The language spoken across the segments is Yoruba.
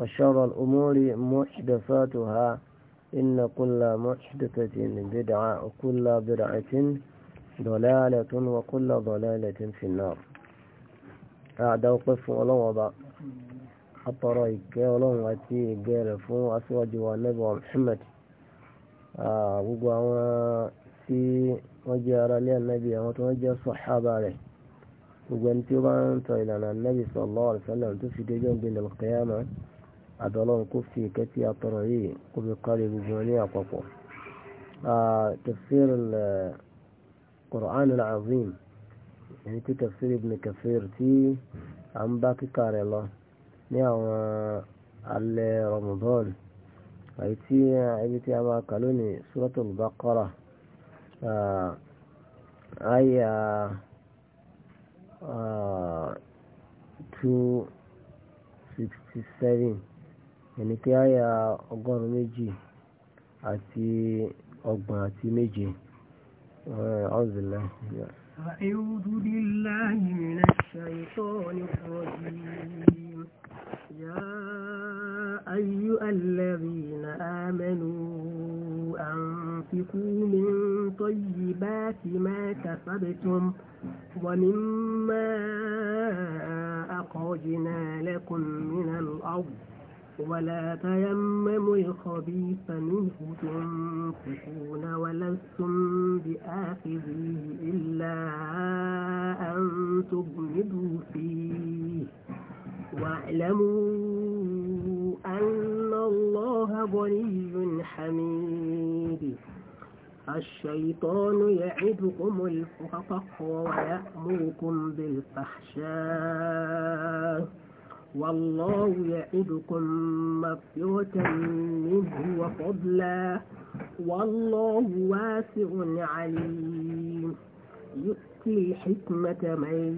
وشر الأمور محدثاتها إن كل محدثة بدعة وكل بدعة ضلالة وكل ضلالة في النار أعدى وقف رأيك أطريك ولوضعتي قرف أسواج والنبي محمد وقوى في وجه لي النبي وتوجه الصحابة عليه. وقوى انتظر إلى النبي صلى الله عليه وسلم تفيد يوم القيامة àdọ́lọ́run kó fi ìkẹ́ tí a tọrọ yìí kó fi kárí gbogbo ní àpapọ̀ tafsir al-Qur'an al-Azim èyí tí tafsir Ibn Kathir tí a ń bá kíkà rẹ̀ lọ ní àwọn alẹ́ Ramadan àyí tí ibi tí a máa kà lónìí Suratul Baqara àyà two sixty seven ẹni pé àyà ọgọ́rùn-ún méjì àti ọgbọ̀n àti méje ọ̀zìlẹ̀. أعوذ بالله من الشيطان الرجيم يا أيها الذين آمنوا أنفقوا من طيبات ما كسبتم ومما أخرجنا لكم من الأرض ولا تيمموا الخبيث منه تنفقون ولستم بآخذيه إلا أن تغمضوا فيه واعلموا أن الله غني حميد الشيطان يعدكم الفقر ويأمركم بالفحشاء والله يعدكم مغفرة منه وفضلا والله واسع عليم يؤتي الحكمة من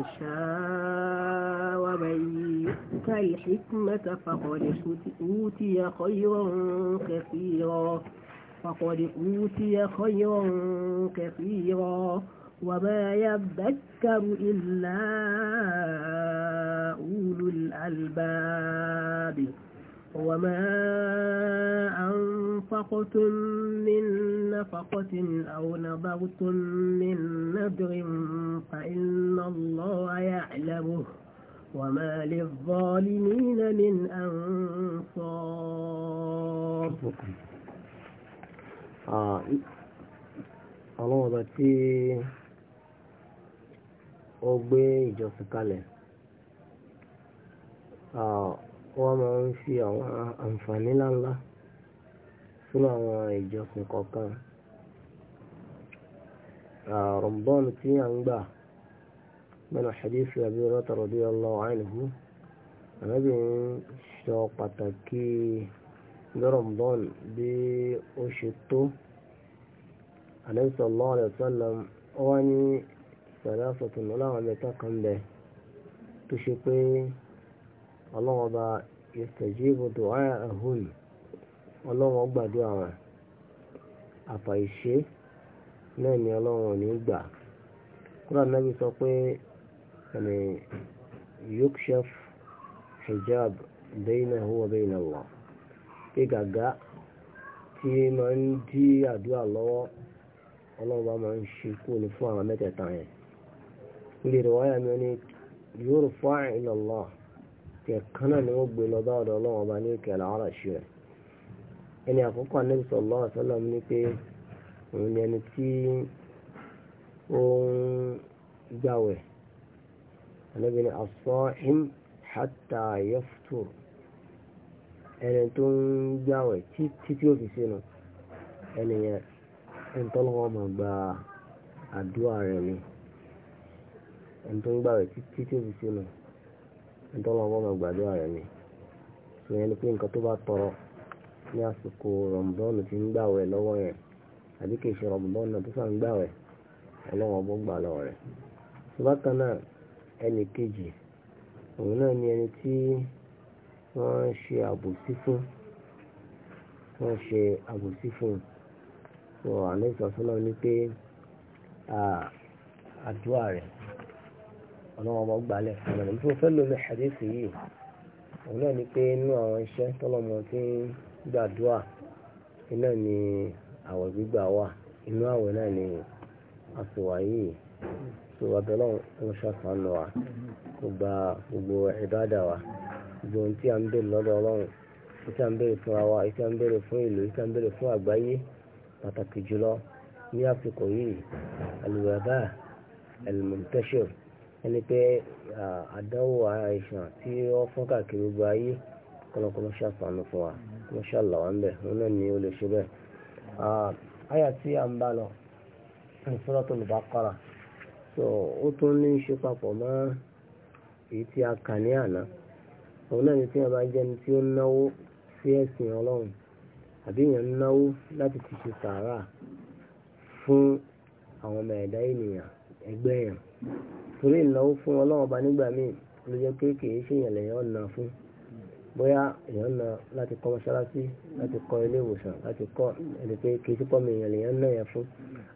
يشاء ومن يؤت الحكمة فقد أوتي خيرا كثيرا فقد أوتي خيرا كثيرا وما يذكر إلا أولو الألباب وما أنفقتم من نفقة أو نبغتم من نبغ فإن الله يعلمه وما للظالمين من أنصار آه. الله ó gbé ìjọsìn kalẹ̀ wọ́n máa ń fi àwọn àǹfààní ńláńlá sínú àwọn ìjọsìn kọ̀ọ̀kan rọ̀mbọ́n tí a ń gbà mẹ́nu hadisi Abi Hurairah radiyallahu anhu ànábì ń sọ pàtàkì rọ̀mbọ́n bí ó ṣe tó ànábì sallallahu alaihi wasallam wọ́n ní sọ̀rọ̀ àfọ̀tún ọlọ́run mẹ́ta kan bẹ̀ tó ṣe pé ọlọ́run ọba yastajibu du'a'ahum ọlọ́run gbàdúrà wọn àfàìṣe náà ni ọlọ́run ò ní gbà kúrò náà sọ pé ẹni yukshaf hijab baynahu wa bayna Allah pé gàgá tí máa ń dí àdúrà lọ́wọ́ bá máa ń ṣe kúrò fún àwọn mẹ́tẹ̀ẹ̀ta yẹn. lè rẹ̀ wáyà mi ní yurfa ila Allah kẹ̀kan náà ni wọ́n gbé lọ bá ọ̀dọ̀ ọlọ́run ọba ní ìkẹlẹ̀ ara ṣe rẹ̀ ẹni àkọ́kọ́ Ànábì sallallahu alaihi wasallam ní pé òun ni ẹni tí ó ń gbàwẹ̀ Ànábì ní as-sa'im hatta yaftur ẹni tó ń gbàwẹ̀ títí tí sínú ẹni yẹn ń tọ́lọ́wọ́ máa gba àdúrà rẹ̀ ni ẹni tó ń gbà rẹ̀ títí tí ó fi sínú ẹni tó lọ́wọ́ máa gbàdúrà rẹ̀ ni sọ yẹn ni pé nǹkan tó bá tọrọ ní àsìkò rọ̀mùdọ́ọ̀nù tí ń gbà wẹ̀ lọ́wọ́ yẹn àbí kì í ṣe rọ̀mùdọ́ọ̀nù tó sàn ń gbà ọlọ́wọ́ bó gbà lọ rẹ̀ bákan náà ẹnì kejì òun náà ni ẹni tí wọ́n ń ṣe àbòsí fún wọ́n ṣe àbòsí fún un sọ àlẹ́ ìsọ̀sọ́nà ni pé àdúrà rẹ̀ ọlọ́run ọba gbalẹ̀ ọ̀nà tí mo fẹ́ lò ní hadithi yìí òun náà ni pé inú àwọn iṣẹ́ tọ́lọ́mọ tí ń gbàdúrà iná ni àwẹ̀ gbígbà wà inú àwẹ̀ náà ni àsùwà yìí tó wà bẹ́ẹ̀ lọ́wọ́ ń ṣàtànù wa kó gba gbogbo ìbádà wa gbogbo ohun tí a ń bèèrè lọ́dọ̀ ọlọ́run tí a ń bèèrè fún àwa tí a ń bèèrè fún ìlú tí a ń bèèrè fún àgbáyé pàtàkì jùlọ ní àsìkò yìí alùwàbà ẹlùmọ̀ntẹ́ṣọ̀rọ̀ ẹni pé àdánwò àìsàn tí wọ́n fún káàkiri gbogbo ayé kọ́lọ́kọ́lọ́ ṣàfàánú fún wa kọ́lọ́ ṣàlàwà ń bẹ̀ wọn náà ni ó lè ṣe bẹ́ẹ̀. àyà tí a ń bá lọ ní Suratul Baqara so ó tún ní í ṣe papọ̀ mọ́ èyí tí a kà ní àná òun náà ni tí a bá jẹ́ ni tí ó náwó sí ẹ̀sìn ọlọ́run àbí èèyàn náwó láti ti ṣe sàárà fún àwọn ọmọ ẹ̀dá ènìyàn ẹgbẹ́ yẹn torí ìnáwó fún ọlọ́wọ́n ọba nígbà míì ló jẹ́ pé kì í ṣe èèyàn lẹ́yìn ọ̀nà fún bóyá èèyàn na láti kọ́ mọ́ṣáláṣí láti kọ́ ilé ìwòsàn láti kọ́ ẹni pé kì í sí pọ́mi èèyàn lèèyàn náà yẹn fún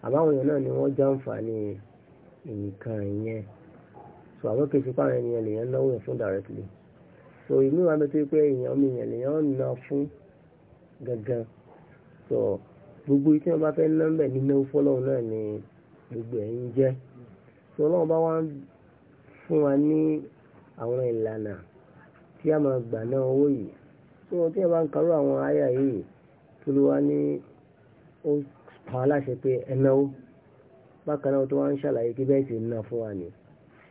àbáwọn èèyàn náà ni wọ́n jàǹfààní nǹkan yẹn so àwọn kì í sí pàrọ̀ ènìyàn lèèyàn náwó yẹn fún directly so inú wa bẹ́ẹ̀ tó pé èèyàn mi èèyàn lèèyàn na fún gangan so gbogbo tí wọ́n bá fẹ́ ná ń bẹ̀ nínú fọ́lọ́hún náà ni gbogbo tí ọlọ́run bá wá ń fún wa ní àwọn ìlànà tí a máa gbà ná owó yìí tí wọ́n tí wọ́n bá ń karú àwọn àyà yìí tó ló wá ní ó pa aláṣẹ pé ẹnáwó bákan náà tó wá ń ṣàlàyé kí bẹ́ẹ̀ sì ná fún wa ni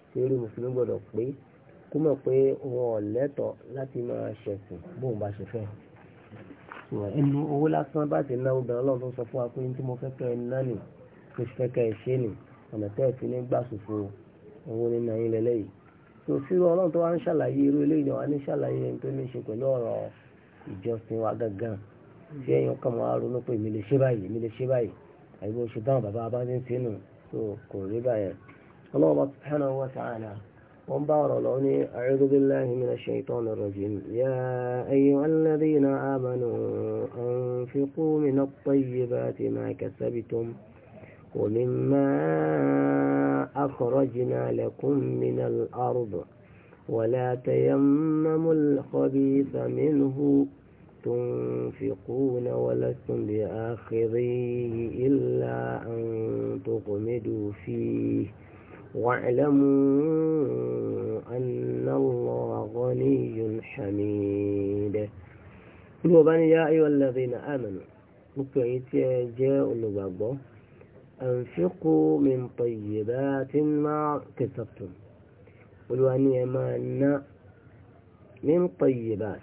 ṣé eré mùsùlùmí gbọ́dọ̀ pé kó mọ̀ pé wọn ò lẹ́tọ̀ọ́ láti máa ṣẹ̀sìn bóun bá ṣe fẹ́ ẹnu owó lásán bá ti náwó bẹ̀rẹ̀ ọlọ́run tó sọ fún wa pé ní tí mo fẹ́ kẹ́ ẹ ná nì mo sì fẹ́ kẹ́ ẹ ṣe nì ọ̀nà tẹ́ ẹ̀ fi ní gbà ṣòfò owó nínú ẹ̀yìn lẹ́lẹ́yìí tó sírò ọlọ́run tó wá ń ṣàlàyé irú eléyìí ni wà ní ṣàlàyé ẹni tó ní ṣe pẹ̀lú ọ̀rọ̀ ìjọsìn wa gangan tí ẹ̀yin ọkàn máa ronú pé mi lè ṣe báyìí mi lè ṣe báyìí àyíkó ṣe dáhùn bàbá bá ní sínú tó kò rí báyẹn ọlọ́run bá subhanahu wa ta'ala wọ́n bá ọ̀rọ̀ lọ ní a'udhu billahi ومما أخرجنا لكم من الأرض ولا تيمموا الخبيث منه تنفقون ولستم بآخريه إلا أن تغمدوا فيه واعلموا أن الله غني حميد يا أيها الذين آمنوا جاء أنفقوا من طيبات ما كسبتم قلوا أني أمانا من طيبات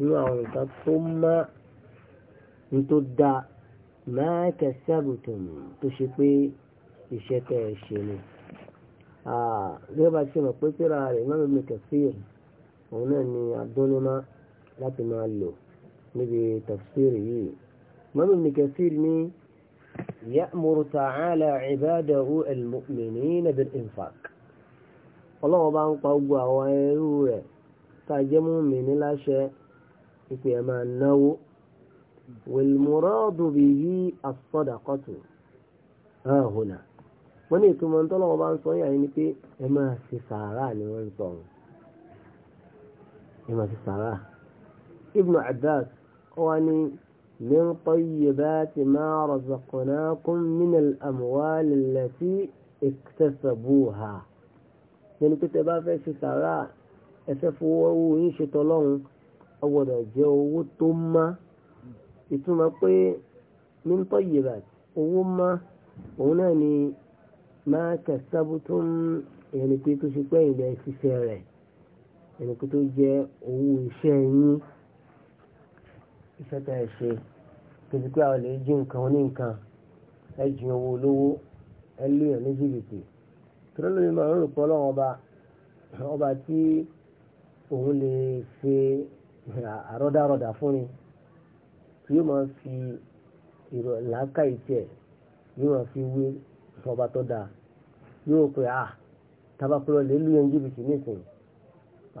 نوع ثم تدع ما كسبتم تشكي بشكل الشيء gẹ́gẹ́ bá ṣe mọ̀ pé kíra rẹ̀ máa ń tafsir òun náà ni adúnimá láti máa lò níbi tafsir yìí mọ́mí kẹfìr ní يأمر تعالى عباده المؤمنين بالإنفاق ọlọ́run bá ń pa ogbó àwọn ẹrú rẹ̀ tá a jẹ́ mùmínì láṣẹ ìpè ẹ̀ máa náwó wèlmùrọ́dù bí yí àsọdàkọ́tù ahùnà wọ́n ní ìtumọ̀ tọ́lọ́run bá ń sọ yàrá ni pé ẹ máa ṣe sàárà ni wọ́n ń sọ ọ́n ẹ máa ṣe sàárà Ibn Abbas wọ́n ní. من طيبات ما رزقناكم من الأموال التي اكتسبوها يعني كنت بقى في سراء أسفوا وإنش طلعوا أولا جو ثم ثم من طيبات وما هنا ما كسبتم يعني كنت شكوين بأسفة يعني كنت جاء وشيء iṣẹ́ tẹ́ ẹ ṣe kìí pé àwọn lè jí nǹkan oní nǹkan ẹ jí owó olówó ẹ léèyàn ní jìbìtì tọ́lá lórí máa ń rò pé ọlọ́run ọba ọba tí òun lè ṣe àrọ́dárọ́dà fún ni tí yóò máa fi ìrọ̀láka ìtẹ̀ yóò máa fi wé ọba tó dáa yóò pé ah tabakulọ̀ lè lu yẹn jìbìtì nísìnyí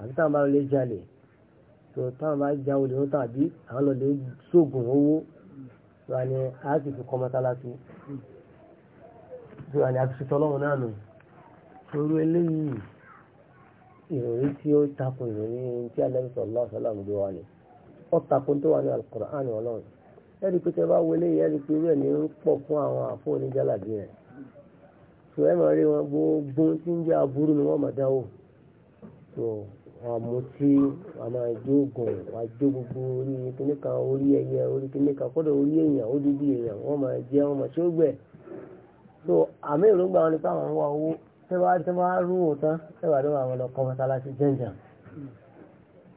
àti táwọn bá lè jalè so táwọn bá já olè ń tàbí àwọn lọ lè ṣògùn owó wà ní àásìkò kọmọtálásí wà ní àtúnṣe tọ́lọ́run náà nù torí eléyìí ìròyìn tí ó takò ìròyìn tí Ànábì sallallahu alaihi wasallam gbé wà ní ó takò tó wà ní Al-Qur'an ọlọ́run ẹ̀rí pé tẹ bá wọlé rí wọn gbogbo tí ń jẹ́ aburú ni wọ́n máa dáwò tó àmútí àmà ìjóògùn àjó gbogbo orí kíní kan orí ẹyẹ orí kíní kan kọ́dọ̀ orí èèyàn ó dídí èèyàn wọ́n máa jẹ́ wọ́n máa ṣe so àmì ìrògbà wọn ni pé àwọn ń wá owó tẹ́wàá tẹ́wàá rú òtán tẹ́wàá lọ́wọ́ àwọn ọkọ̀ mọ́sálásí jẹ́ǹjà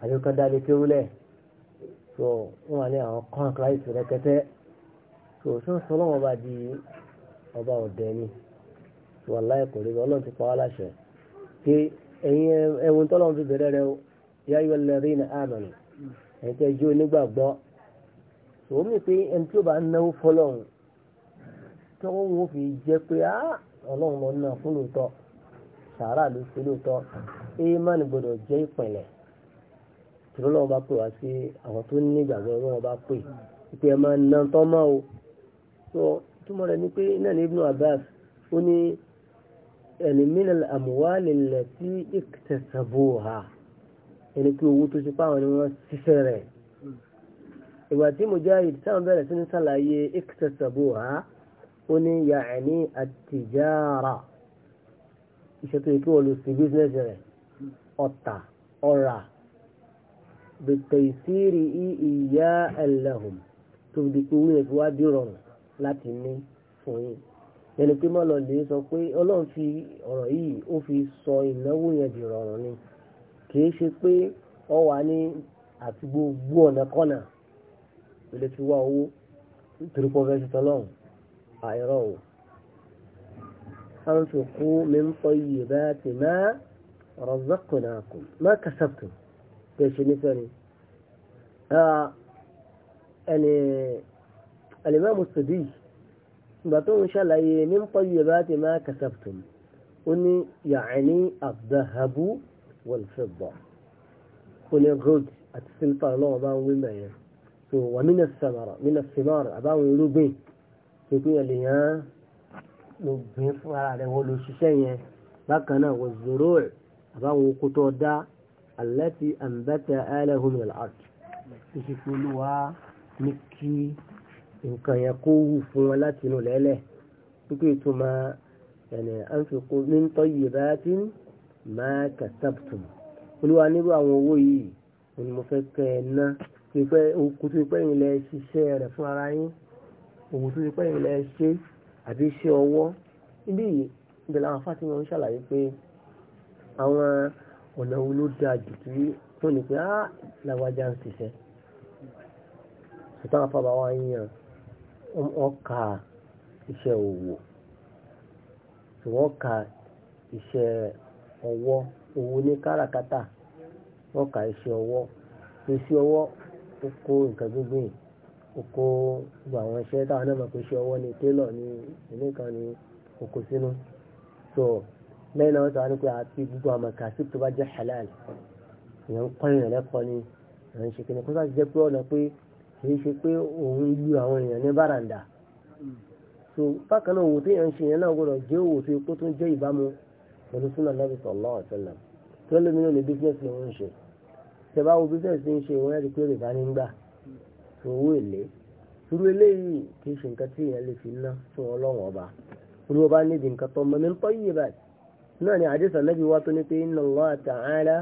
àyíkọ́ dálé kéwúlẹ̀ so wọ́n wà ní àwọn kan kíláìsì rẹ́kẹ́tẹ́ so ṣó sọlọ́wọ́ bá di ọba ọ̀dẹ́ ni so aláìkò rí ọlọ́run ti pa wá láṣẹ pé ẹ̀yin ẹ̀wọ̀n tọ́lọ́run fi bẹ̀rẹ̀ rẹ o ya ayyuha alladhina amanu ẹ̀yin tẹ́ jó nígbàgbọ́ òun mi pé ẹni tí ó bá náwó fọlọ́run tí wọ́n wọ́n fi jẹ́ pé á ọlọ́run lọ náà fún lóòótọ́ sàárà ló fi lóòótọ́ éèmánì gbọdọ̀ jẹ́ ìpìnlẹ̀ tí lọ́wọ́ bá pè wá sí àwọn tó ní ìgbàgbọ́ lọ́wọ́ bá pè pé ẹ máa ná tọ́ mọ́ o túmọ̀ rẹ̀ ni pé náà ní Ibn Abbas ó ní ẹni mínal àmúwálì lẹ́tí ìkẹsàbóha ẹni pé owó tó ṣe páwọn ni wọ́n ṣiṣẹ́ rẹ̀ ìgbà tí Mujahid sáwọn bẹ̀rẹ̀ sí ní sàlàyé ìkẹsàbóha ó ní yàní àtìjára iṣẹ́ tó yẹ kí wọ́n lò sí bísínẹ́sì rẹ̀ ọ̀tà ọ̀rà bìtẹ̀síìrì ìyá ẹlẹ́hùn tó fi di pé owó fi wá dìrọ̀rùn láti ní fún yín ẹni pé má lọ lè sọ pé ọlọ́run fi ọ̀rọ̀ yìí ó fi sọ ìnáwó yẹn di rọrùn ni kìí ṣe pé ọ wà ní àti gbogbo ọ̀nà kọ́nà tó lè wá owó nítorí pé ọbẹ̀ ṣetán lọ́hùn àìrọ̀ o. أنفقوا من طيبات ما رزقناكم ما كسبتم ايش مثلا آه يعني الإمام السدي ìgbà tó ń ṣàlàyé ní tayyibati ma kasabtum ó ní ya'ni adh-dhahabu wal-fidda ó ní gold àti silver náà bá ń wí mẹ́yẹn so wà mina samara mina samara àbáwọn irúgbìn tó pín ẹ̀ lèèyàn ló gbìn fún ara rẹ̀ wọ́n ló ṣiṣẹ́ yẹn bákan náà wọ́n zòrò ẹ̀ àbáwọn oko tó dá allati anbata alahu min al-ard ìṣèpolówá ní kí nǹkan yẹn kó wù fún wọn láti inú lẹ́lẹ̀ pípé ìtumọ̀ ẹ̀nì àǹfikún ní tọ́yì bá ti ń máa kàtàbùtùm olúwa nírú àwọn owó yìí ni mo fẹ́ kẹ́ ẹ ná pípẹ́ òkú tó pẹ́ yìí lẹ ṣiṣẹ́ rẹ̀ fún ara yín òkú tó pẹ́ yìí lẹ ṣe àbí iṣẹ́ ọwọ́ ibi yìí ìbẹ̀lẹ̀ àwọn afá ń ṣàlàyé pé àwọn ọ̀nà wo ló dáa jù tí tó ní pé á làwájá ń ṣiṣẹ́ ṣùgbọ́n àfàbà wa yíyan wọ́n ka iṣẹ́ òwò tí wọ́n ka iṣẹ́ ọwọ́ òwò ní káràkátà wọ́n ka iṣẹ́ ọwọ́ iṣẹ́ ọwọ́ ó kó nǹkan gbígbìn ó kó gbogbo àwọn iṣẹ́ táwọn náà mọ̀ pé iṣẹ́ ọwọ́ ni télọ̀ ni ilé kan ni oko sínú so lẹ́yìn náà wọ́n sọ wípé àti gbogbo àmọ̀ kàṣí tó bá jẹ́ halal èèyàn ń kọ́ ìrìn lẹ́kọ́ ni èèyàn ń ṣe kíni kó sáà jẹ́ pé ọ̀nà pé kìí ṣe pé òun lu àwọn èèyàn ní bàràǹdà so bákan náà òwò tí èèyàn ń ṣe yẹn náà gbọdọ̀ jẹ́ òwò tó kó tó jẹ́ ìbámu pẹ̀lú súnà Nabi sallallahu alaihi wasallam tó lómi náà ní bísíǹsì lòun ń ṣe tẹ̀bá wo bísíǹsì ń ṣe wọ́n rí pé rìbá ní gbà tó owó èlé irú eléyìí kìí ṣe nǹkan tí èèyàn lè fi ná fún ọlọ́wọ́n ọba olúwa bá níbi nǹkan tó mọ̀ ní pé inna Allah ta'ala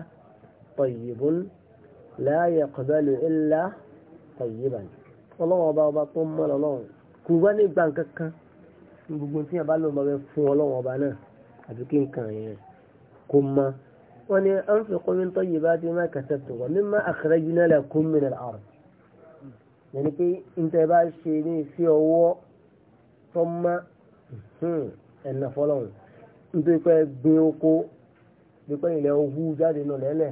tayyibun la tayyiban ọlọ́wọ́n ọba ọba tó ń mọ́ lọ́wọ́ kò wá ní gbà kankan gbogbo tí yàrá lóun bá fẹ́ fún ọlọ́wọ́n ọba náà àti kí nǹkan yẹn kò mọ. wọ́n ní anfiqu min tayyibati ma kasabtum wa mimma akhrajna lakum min al-ard. yẹnni pé níta bá ṣe ní sí ọwọ́ tó mọ́ ẹ̀nà fọlọ́run nítorí pé gbin oko bí pé ilẹ̀ òhu jáde nù lẹ́lẹ̀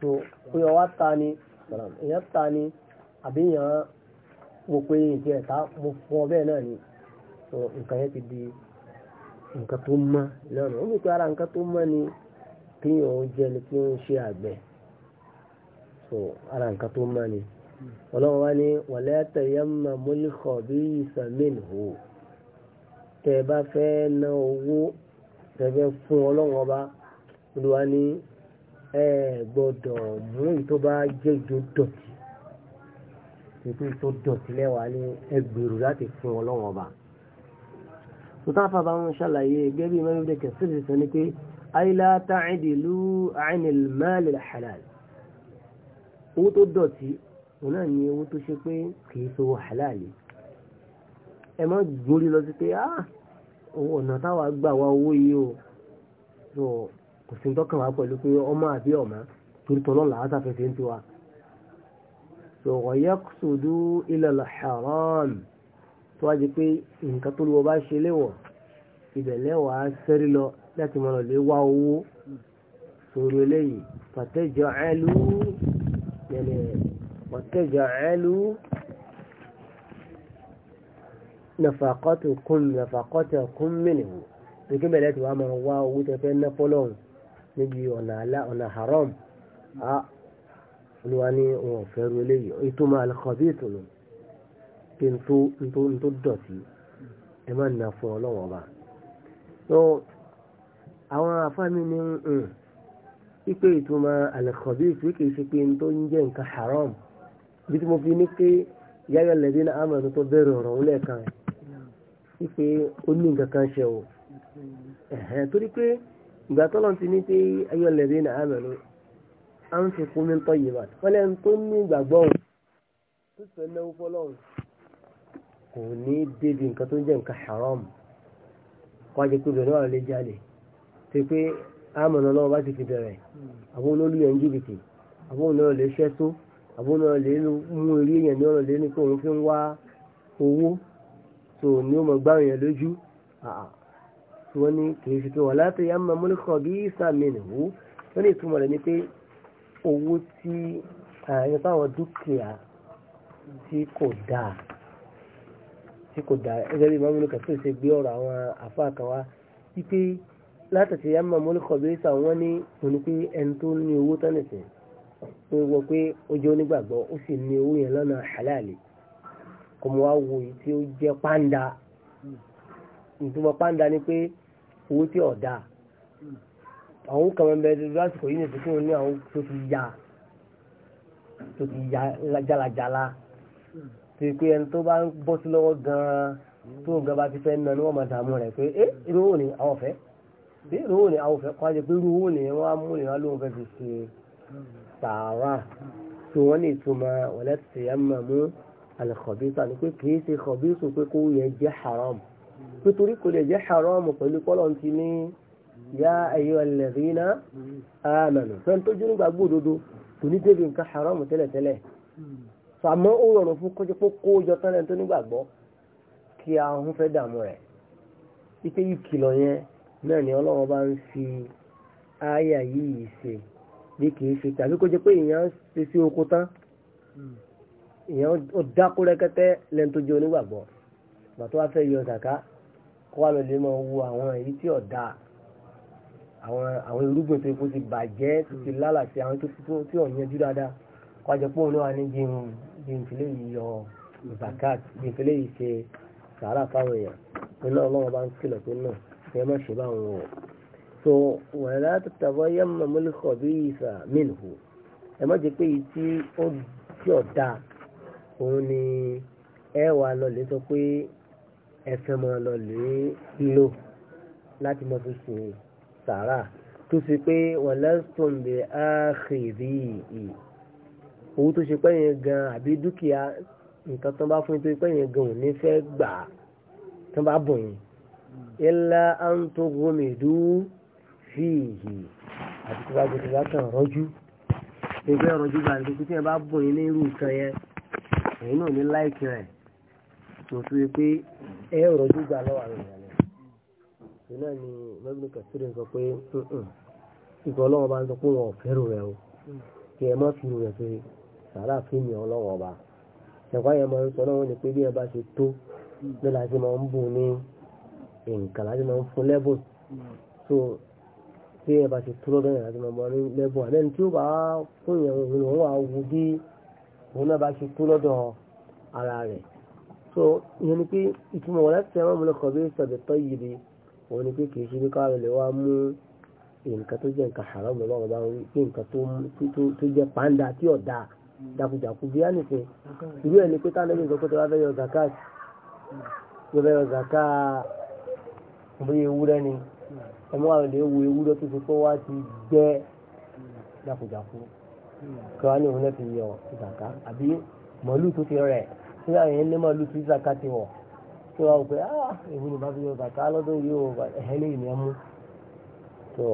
tó ó yọ wá ta ni èèyàn ta ni àbíyàn wo pé ìdí ẹ̀ta mo fún ọ náà ni so nǹkan yẹn ti di nǹkan tó mọ́ lọ́nà ó wù pé ara nǹkan tó mọ́ ni kí yàn ó jẹ́ ni kí ó ń ṣe àgbẹ̀ so ara nǹkan tó mọ́ ni ọlọ́run wá ní wala tayammamul khabisa minhu tẹ bá fẹ́ ná owó tẹ fẹ́ fún ọlọ́run ọba olùwà ní ẹ gbọ́dọ̀ mú ìtọ́ bá jẹ́ ìjó ètò ètò dọ̀tí lẹ́wàá ní ẹgbèrú láti fún ọlọ́wọ́n ọba. sùtáfà bá ń ṣàlàyé gẹ́gẹ́ bí mẹ́rin dẹ̀kẹ̀ sí ti sọ ni pé àìlá ta'dilu 'anil mal al-halal. owó tó dọ̀tí òun náà ni owó tó ṣe pé kì í sowó halali. ẹ má gbórí lọ sí pé ah, ọ̀nà táwa gbà wá owó yìí o kò sí tọ́kàn wá pẹ̀lú pé ọmọ àbí ọ̀mọ́ torítọ́ lọ́la á sàfẹ́fẹ́ ń tiwa so wayaqsudu ila al-haram tó wá di pé nǹkan tó lọ bá ṣe léwọ̀ ìbẹ̀lẹ̀ wà á sẹ́rí lọ láti mọ̀ lè wá owó sórí eléyìí fataj'alu yẹnì fataj'alu nafaqatukum nafaqatakum minhu pèkí bẹ̀rẹ̀ tí wàá máa wá owó tẹ́fẹ́ ná fọlọ́run níbi ọ̀nà haram ah, olúwa ní òun ọ̀fẹ́ ru eléyìí ìtumọ̀ alẹ́kọ̀ọ́bí ìtùnú pé n tó dọ̀tí ẹ má nà fún ọlọ́wọ́n ọba. tó àwọn afáàmì ní ipe ìtumọ̀ alẹ́kọ̀ọ́bí ìtùnú kì í ṣe pé n tó ń jẹ́ nǹkan haram bí tí mo fi ní pé yáyọ lẹ́bí náà àmọ̀ tó bẹ̀rẹ̀ ọ̀rọ̀ òun lẹ́ẹ̀kan ipe ó ní nǹkan kan ṣe o torí pé ìgbà tọ́lọ́ ti ní pé yáyọ lẹ́bí náà àmọ̀ à ń fi kún mi tọ́ yìí bàtà wọ́n lẹ́nu tó ní ìgbàgbọ́ òun tó sì fẹ́ náwó fọlọ́run kò ní débi nǹkan tó ń jẹ́ nǹkan haram kó a jẹ pé bẹ̀rẹ̀ wà lè jalè tó pé àmọ̀nà lọ́wọ́ bá ti fi bẹ̀rẹ̀ àwọn olólù yẹn jìbìtì àwọn olólù lè ṣẹ́ tó àwọn olólù lè mú eré èèyàn ní ọ̀rọ̀ lé ní pé òun fi ń wá owó tó ní ó mọ̀ gbáhùn yẹn lójú tí wọ́n ní kì í fi pé wà láti yá máa múlùkọ̀ bí sàmì nìwú wọ́n ní ìtumọ̀ rẹ̀ ni pé owó tí àyè fáwọn dúkìá tí kò dáa tí kò dáa gẹ́gẹ́ bí mọ́múlù kàtó ṣe gbé ọ̀rọ̀ àwọn àfáà kan wá wípé látàtì yá máa mọ́lù kọ̀bẹ́sà wọ́n ní òní pé ẹni tó ní owó tánìsìn ó wọ pé ó jẹ́ onígbàgbọ́ ó sì ní owó yẹn lọ́nà halali kò mọ́ wá wo èyí tí ó jẹ́ pàǹdà ìtumọ̀ pàǹdà ni pé owó tí ò dáa àwọn kan ń bẹ lásìkò yìí nìsí kí wọ́n ní àwọn tó ti ya tó ti ya jalajala tó pé ẹni tó bá ń bọ́ sí lọ́wọ́ gan-an tó ń gan bá ń nani wọ́n máa dààmú rẹ̀ pé ẹ irú owó ni àwọn fẹ́ bí irú owó ni àwọn fẹ́ kọ́ ajẹ́ pé irú owó ni wọ́n á mú ni wọ́n lóun fẹ́ fi ṣe tààrà tó wọ́n lè túmọ̀ wọ́n lẹ́tì tẹ̀yà mọ̀ mú alìkọ̀bíta ni pé kìí ṣe kọ̀bíṣù pé kó yẹn jẹ́ haram nítorí kò lè jẹ́ haram pẹ̀lú kọ́lọ̀ ti ní yá ayọ́ ẹlẹ́rìnà àmàlù fẹ́ tó jóni gbàgbọ́ òdodo kò ní débi nǹkan haram tẹ́lẹ̀tẹ́lẹ̀ fàmọ́ ó rọrùn fún kọjọ́ pé kó jọ tán lẹ́nu tó nígbàgbọ́ kí ahun fẹ́ dààmú rẹ̀ ike ìkìlọ̀ yẹn náà ni ọlọ́run bá ń fi ááyà yìí ṣe bí kìí ṣe tàbí kó jẹ́ pé èèyàn ṣe sí oko tán èèyàn ó dákú rẹ́kẹ́tẹ́ lẹ́nu tó jẹ́ onígbàgbọ́ gbà tó wá fẹ́ yọ zàká kó wá lọ lè máa wo àwọn èyí tí ò dáa àwọn irúgbìn tó kó ti bàjẹ́ tó ti lálàsí àwọn tí ò yanjú dáadáa kó a jẹ pé òun ní jẹun yìí yọ zakat jẹun ìfìlẹ̀ yìí ṣe sàárà fáwọn èèyàn nínú ọlọ́wọ́ bá ń kìlọ̀ pé náà ẹ má ṣe báwọn o. so wàlá tàbọ̀ yẹ mọ̀ mọ́lẹ́kọ̀ bí ìsà mìlhù ẹ má jẹ pé èyí tí ó dáa òun ni ẹ wà lọlé sọ pé ẹ fẹ́ mọ́ lọlé lò láti mọ́ fi ṣe é sàárà tó ṣe pé wọ́n lẹ́sùn bí áàkìrí yìí owó tó ṣe pẹ́yìn gan àbí dúkìá nǹkan tó bá fún yín tó ṣe pẹ́yìn gan ò ní fẹ́ gbà tó bá bùn yín ilá ń tó gómìn dú fíìhì àti tó bá gbé tó bá kàn rọ́jú ẹgbẹ́ rọ́jú bá nítorí tí wọ́n bá bùn yín ní irú nǹkan yẹn èyí náà ní láìkì rẹ̀ tó ṣe pé ẹ rọ́jú gbà lọ́wọ́ àwọn iná ni mẹ́bìnrin kẹsìrì sọ pé ikọ̀ ọlọ́wọ́ bá ń sọ pé wọn ò fẹ́rù rẹ o kí ẹ má fi rẹ̀ pé sàrà fi mi ọlọ́wọ́ ọba ẹ̀kọ́ yẹn máa ń sọ náà ni pé bí ẹ bá ṣe tó bí la máa ń bù ní nǹkan láti máa ń fún lẹ́bùn so bí ẹ bá ṣe tó lọ́dọ̀ yẹn láti máa bọ́ ní lẹ́bùn àlẹ́ni tí ó bá fún yẹn òun òun wà wù bí òun náà bá ṣe tó lọ́dọ̀ ara rẹ̀ so ìyẹn ni pé ìtumọ̀ wọn láti ṣe àwọn òun ni pé kì í ṣe pé káwọn ilẹ̀ wa mú nǹkan tó jẹ́ nǹkan haram lọ́wọ́ bá ń wí pé nǹkan tó jẹ́ pàǹdà tí ọ̀dà jakujaku bí á nìfẹ́ irú ẹ̀ ni pé táwọn ẹbí nǹkan pé tó bá fẹ́ yọ zakat tó fẹ́ yọ zakat bí ewúrẹ́ ni ẹmọ àwọn ilé wo ewúrẹ́ tó fi kó wá ti jẹ́ jakujaku kí wọ́n á ní òun náà fi yọ zaka àbí màálù tó ti rẹ̀ tí àwọn ní màálù tó zaka ti wọ̀ tó wá pé ah èmi ni bá fi yọ bàtà lọ́dún yìí o ẹ̀hẹ́ lè ní ẹmú tó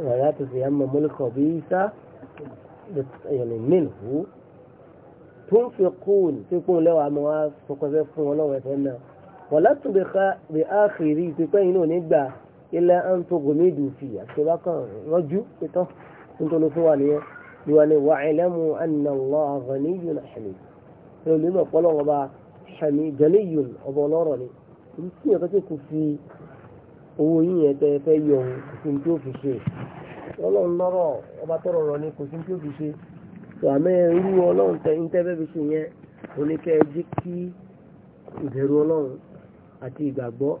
ìrọ̀lá tó fi ẹmọ mọ́lẹ́kọ̀ bí sá ẹ̀yọ̀lẹ̀ mìíràn tó ń fi kóòlù tí kóòlù lẹ́wàá mọ́ wá fọkànṣẹ́ fún ọlọ́wọ́ ẹ̀fẹ́ náà wọ́n látò bí áàkìrí ìpínpẹ́ yìí náà nígbà ilẹ̀ ń tó gòmìdì fi àtìwá kan rọ́jú pẹ̀tọ́ nítorí fún wa nìyẹn ni wọ́n ni wà á ilẹ̀ mú ànàlọ́ àgbọ̀nìyàn àṣẹlẹ̀ hàmí gẹ̀lẹ́yìn ọba ọlọ́rọ̀ ni èyí tí yẹn kọ́tí kò fi owó yín yẹn tẹ́ fẹ́ yọ òun kò sí ní tí ó fi ṣe ọlọ́run lọ́rọ̀ ọba tọrọ rọ ni kò sí ní tí ó fi ṣe àmẹ́ irú ọlọ́run tẹ ń tẹ́fẹ́ fi ṣe yẹn oníkẹ́ jẹ́ kí ìbẹ̀rù ọlọ́run àti ìgbàgbọ́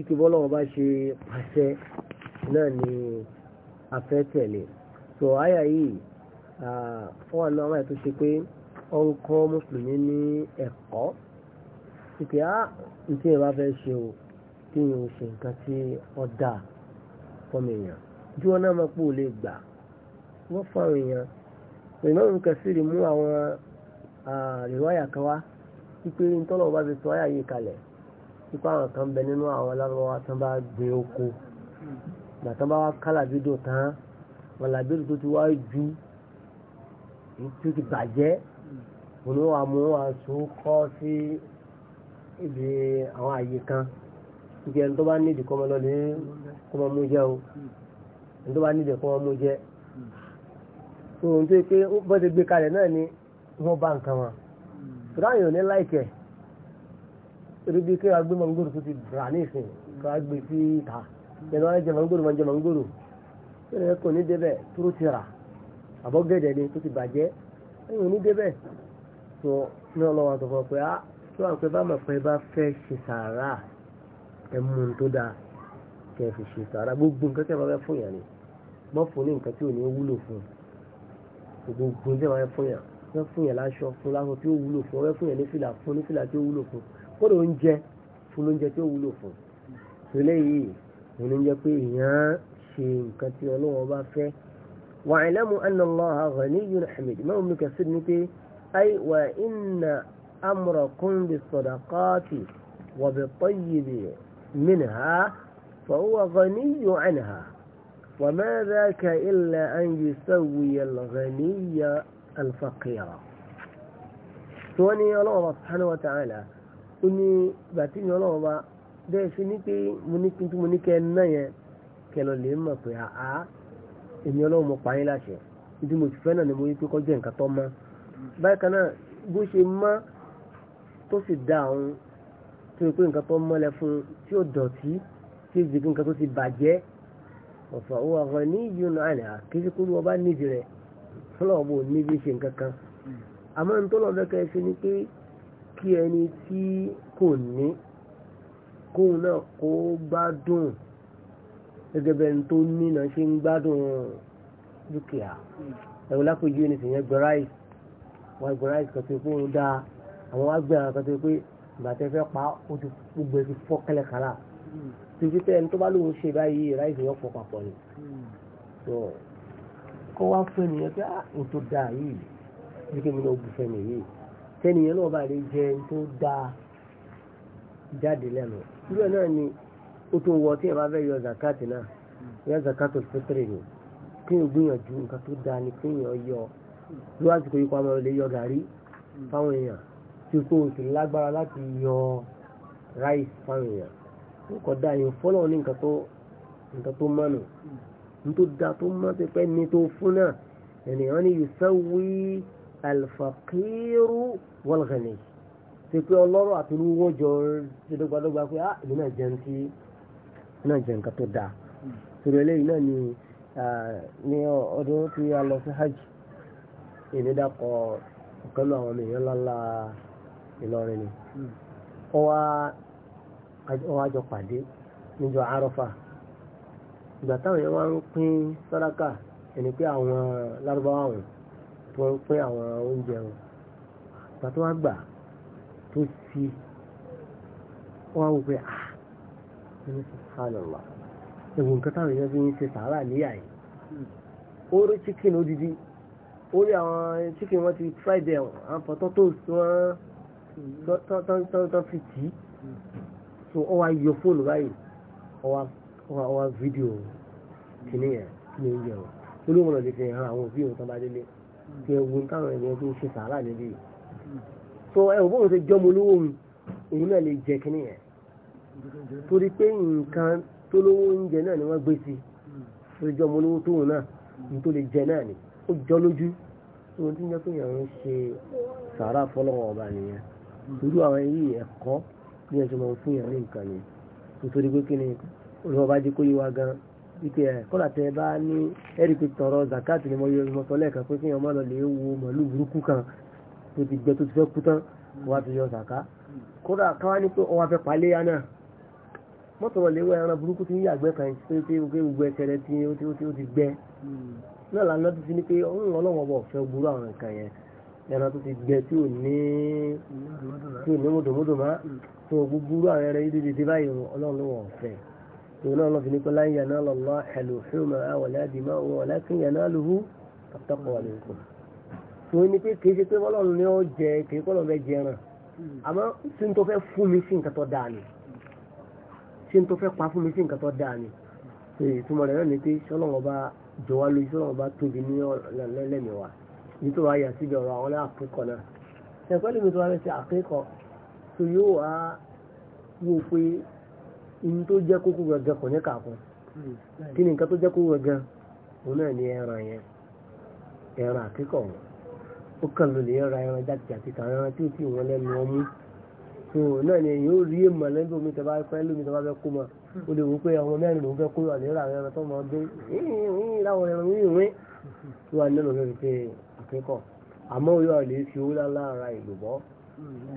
ìkébọ́ ọlọ́run bá ṣe pàṣẹ náà ni afẹ́ tẹ̀lé so àyà yìí fún àwọn àwọn àyà tó ṣe pé ó ń kọ́ mùsùlùmí ní ẹ̀kọ́ pípẹ́ á ní tí èèyàn bá fẹ́ ṣe o kí èèyàn ò ṣe nǹkan tí ó dà fọmọ èèyàn ju wọn náà máa pò lè gbà wọ́n fáwọn èèyàn ìmọ̀ òun kẹsìrì mú àwọn rìwáyà kan wá wípé ntọ́lọ̀ bá ti sọ ayáyé kalẹ̀ wípé àwọn kan bẹ nínú àwọn alárọ̀wá tán bá gbin oko gbà tán bá wá kálàbídò tán màlàbídò tó ti wá ju tó ti bàjẹ́ òun wà mú àṣù kọ́ sí ibi àwọn àyè kan ìgbẹ́ ẹni tó bá nídìí kọ́mọ lọ lè kọ́mọ mú jẹ́ o ẹni tó bá nídìí kọ́mọ mú jẹ́ so ohun tó yẹ pé bọ́n ti gbé kalẹ̀ náà ni wọ́n bá nǹkan wọn ṣùgbọ́n àwọn èèyàn ní láìkẹ̀ torí bí kí wọ́n gbé mọ́ngòrò tó ti rà ní ìsìn kí wọ́n gbé sí ìta ìyẹn wọn jẹ mọ́ngòrò wọn jẹ mọ́ngòrò tó yẹ kò ní débẹ̀ tó ti rà àbọ̀gẹ̀dẹ̀ ni tó ti bàjẹ́ ẹ̀yìn ò ní débẹ̀ so ní ọlọ́wọ́ àtọ̀fọ̀ pé ah tó àwọn pé bá mọ̀ pé bá fẹ́ ṣe sàárà ẹmu tó dáa kẹ́ ẹ fi ṣe sàárà gbogbo nǹkan tẹ́ ẹ bá fẹ́ fún yàn ni mọ́ fún ní nǹkan tí ò ní wúlò fún gbogbo tẹ́ ẹ bá fẹ́ fún yàn fẹ́ fún yàn láṣọ fún láṣọ tí ó wúlò fún fẹ́ fún yàn nífìlà fún nífìlà tí ó wúlò fún kódà oúnjẹ fún lóúnjẹ tí ó wúlò fún tòlẹ́ yìí òun ló ń jẹ́ pé èèyàn ṣe nǹkan tí ọlọ́wọ́ bá fẹ́ wa'lamu anna Allaha ghaniyyun hamid mẹ́wọ́n mi kẹ́sí ni pé ay wa inna أمركم بالصدقات وبالطيب منها فهو غني عنها وما ذاك إلا أن يسوي الغني الفقير سواني الله سبحانه وتعالى أني باتيني الله bẹ́ẹ̀ ṣe ní pé mo ní kí n tún mo ní kẹ́ ẹ ná yẹn kẹ́ lọ lè mọ̀ pé àá èmi ọlọ́run mo pa yín láṣẹ nítorí mo ti fẹ́ náà ni mo rí pé kọjá nǹkan tó mọ́ báyìí kan náà bó ṣe mọ́ tó sì dá òun tó yẹ pé nǹkan tó mọ́lẹ̀ fún un tí ó dọ̀tí tí ó sì nǹkan tó ti bàjẹ́ ọ̀fà owó àwọn ní yunà àná kí sí kúrú ọba níbi rẹ̀ fúnlọ́wọ́ bò níbi ṣe nǹkan kan àmọ́ ní tó lọ fẹ́ kẹ́ ṣe ni pé kí ẹni tí kò ní kóun náà kó gbádùn gẹ́gẹ́ bẹ́ẹ̀ ni tó ní náà ṣe ń gbádùn dúkìá ẹ̀wọ̀n lápèjì ẹni sì yẹn gbọ́ráì wọ́n gbọ́ráì kọ̀ọ̀tún fóun dáa àwọn wá gbé àwọn kan tó pé bàtẹ́ fẹ́ pa ojú gbogbo ẹ̀sìn fọ́ kẹ́lẹ́kàlà hmm. títí tẹ́ ẹni tó bá lóun ṣe báyìí ráìsì yọ pọ̀ papọ̀ ni hmm. kọ́ wá fún ènìyàn pé àwọn ah, tó dáa yìí ní kí mi lọ bù fẹ́ni yìí tẹ́nìyàn náà bá lè jẹ tó dáa jáde lẹ́nu irú ẹ̀ náà ni ó tó wọ tí ẹ̀ bá fẹ́ yọ zakat náà hmm. yọ zakat tó fẹ́tẹ̀rẹ̀ ni kí n gbìyànjú nǹkan tó dáa ni kí n yọ yọ lọ́wọ́ àsìkò yìí kó àwọn ọmọ ilé yọ gàrí fáwọn èèyàn tí kò sì lágbára láti yọ ráìsì fáwọn èèyàn ó kọ̀dá yẹn fọ́lọ̀ ní nǹkan tó mọ́nà ní tó da tó mọ́ ti pẹ́ ní tó fún náà ènìyàn ní yusawi alfakiru walghani ti pé ọlọ́rọ̀ àti olówó jọ dídọ́gbadọ́gba pé ah èmi náà jẹun tí náà jẹun nǹkan tó da torí eléyìí náà ni ní ọdún tí a lọ sí hajj ìnídàkọ̀ ọ̀kan náà àwọn èèyàn lálàá. Ìlọrin ni wọ́n hmm. wájọ pàdé níjọ àrọ́fà ìgbà táwọn èèyàn wá ń pín sàdákà ẹni pé àwọn lárúbáwá wọn tó ń pín àwọn oúnjẹ wọn ìgbà tó wá gbà tó fi wọ́n wá wò pé à ah, ẹni subhanallah ẹ̀wọ̀n nǹkan táwọn èèyàn fi ń ṣe sàárà níyà yìí hmm. ó rí chicken odidi ó rí àwọn chicken wọn ti fried them àwọn potatoes wọn tọ́ fi tì í so ọ wa yọ fóònù báyìí ọ wa ọ wa fídíò kìíní yẹn kìíní yẹn o olóhùn ọ̀nà lè fi hàn àwọn òbí òun tán bá délé kí ẹ wo táwọn ènìyàn tó ń ṣe sàárà níbí so ẹ ò bóun ṣe jọmọ olówó mi òun náà lè jẹ kìíní yẹn torí pé nǹkan tó lówó oúnjẹ náà ni wọ́n gbé sí tó lè jọmọ olówó tóun náà ní tó lè jẹ náà ni ó jọ lójú tó ń tí ń jẹ́ pé èèyàn ń ṣe sàárà fọlọ́wọ́ ọba nìyẹn irú àwọn ilé ẹ̀kọ́ bí ẹ̀sùn máa fún yàn nǹkan yẹn nítorí pé kí ni olùwọ́ bá jẹ́ kó yíwa gan wípé ẹ̀ kọ́lá tẹ bá ní ẹ̀rí tọrọ zakat ni mo yọ ọmọ sọ lẹ́ẹ̀kan pé kéèyàn má lọ lè wo màálù burúkú kan tó ti gbẹ tó ti fẹ́ kú tán wàá ti yọ zaka kódà káwá ní pé ọwọ́ afẹ́ paléyà náà mọ́tò wọlé wọ ẹran burúkú ti ń yàgbẹ́ kan pé pé gbogbo ẹsẹ̀ rẹ ti ó ti gbẹ hmm. náà lànà ti fi ni pé ọlọ́wọ́ bọ̀ fẹ́ gbúrú àwọn nǹkan yẹn ẹran tó ti gbẹ tí ò ní tí ò ní mọ̀dòmọ́dò má tó gbogbo àwọn ẹran yìí dídí báyìí ọlọ́run ló wọ̀ fẹ́ tó náà lọ́ fi ní pẹ́lá ìyànà lọ́lọ́ ẹ̀lò fíìmù àwọ̀lẹ́ àdìmọ́ òun ọ̀lẹ́ kí ìyànà lùhú àtọ́kọ̀ wà lóko. tó ní pé kì í ṣe pé ọlọ́run ni ó jẹ kì í kọ́lọ̀ fẹ́ jẹ ẹran àmọ́ tí n tó fẹ́ fún mi sí nǹkan tó dáa ni tí n tó fẹ́ pa fún mi sí nǹkan tó dáa ni ìtumọ̀ rẹ̀ náà ni pé ṣọlọ́run ọba jọ wá lójú ṣọlọ́run ọba tóbi ní lẹ́mìí ní tó wá yà síbi ọ̀rọ̀ àwọn akẹ́kọ̀ọ́ náà ṣẹ̀kọ́ lèmi tó wá fẹ́ ṣe akẹ́kọ̀ọ́ tó yóò wá wò pé in tó jẹ́ kókó gẹ̀gẹ̀ kò ní kàkún kí ni nǹkan tó jẹ́ kókó gẹ̀gẹ̀ òun náà ni ẹran yẹn ẹran akẹ́kọ̀ọ́ wọn ó kàn lò lè ra ẹran jáde àti kàn ẹran tí ó fi wọn lẹ́nu ọmú tó náà ni èyí ó rí èèmọ̀ lẹ́nu omi tẹ́ bá fẹ́ lómi tẹ́ bá fẹ́ kó mọ o lè wò pé àkíkọ̀ àmọ́ yóò lè fi owó ńlá ra ìlùbọ́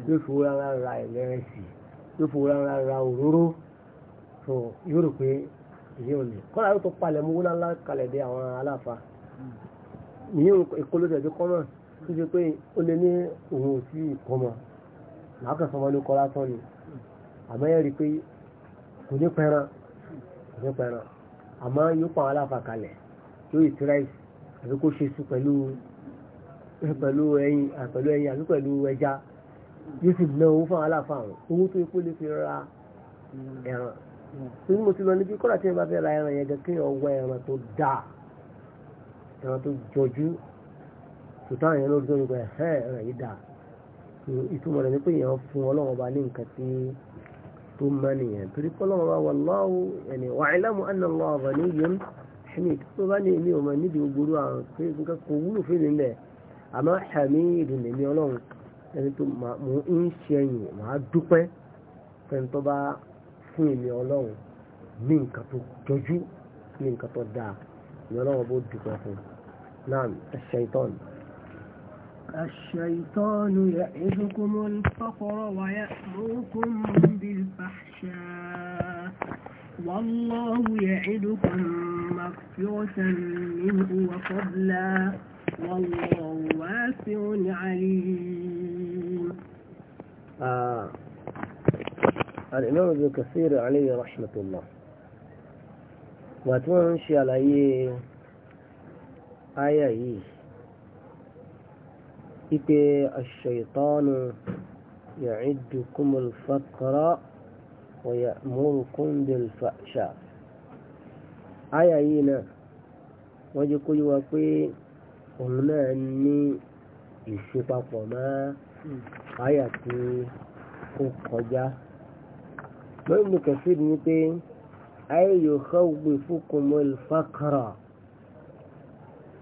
yóò fi owó ńlá ra ìrẹsì yóò fi owó ńlá ra òróró so yóò rò pé èyí ò lè kọ́lá yóò tó palẹ̀ mú owó ńlá kalẹ̀ dé àwọn aláfa ìyẹn ìkolo tẹ̀sí kọ́nà tó ṣe pé ó lé ní òun ò sí ìkọmọ làákàtà ọmọ ní kọ́ lásán ni àmọ́ ẹ̀ rí i pé kò ní pẹran kò ní pẹran àmọ́ yóò pa àwọn aláfa kalẹ̀ yóò ìtura àbí kó ṣe sùn pẹ̀lú pẹ̀lú ẹyin pẹ̀lú ẹyin àbí pẹ̀lú ẹja yóò sì ná owó fáwọn aláfàwọn owó tó epo lè fi ra ẹran tí mo ti lọ níbi kọ́lá tí wọ́n bá fẹ́ ra ẹran yẹn gẹ́gẹ́ kéèyàn wá ẹran tó dáa ẹran tó jọjú tòtá àwọn yẹn ló dúró nípa ẹ̀hẹ́ ẹran yìí dáa ìtumọ̀ rẹ̀ ni pé èèyàn fún ọlọ́run ọba ní nǹkan tí tó mọ́ nìyẹn torí pé ọlọ́run wà á lámù Allah ghaniyyun hamid tó bá ní èmi ò mọ̀ níbi ògbóró àrùn pé nǹkan kò àmọ́ hamidu lèmi ọlọ́run ẹni tó mò ń ṣe ẹ̀yìn màá dúpẹ́ fẹ́ni tó bá fún èmi ọlọ́run ní nǹkan tó jọjú ní nǹkan tó dáa èmi ọlọ́run bó dúpẹ́ fún náà ẹ̀ṣẹ̀ ìtọ́nù. الشيطان يعظكم الفقر ويأمركم بالفحشاء والله يعدكم مغفرة منه وفضلا والله واسع عليم آه. الإمام ابن كثير عليه رحمة الله واتمنى على أي آية إيه إيه الشيطان يعدكم الفقر ويأمركم بالفحشاء آية هنا wọ́n jẹ́ kó قلنا أني يشفى قما آية أخرجة وابن كثير نتين أي يخوفكم الفقر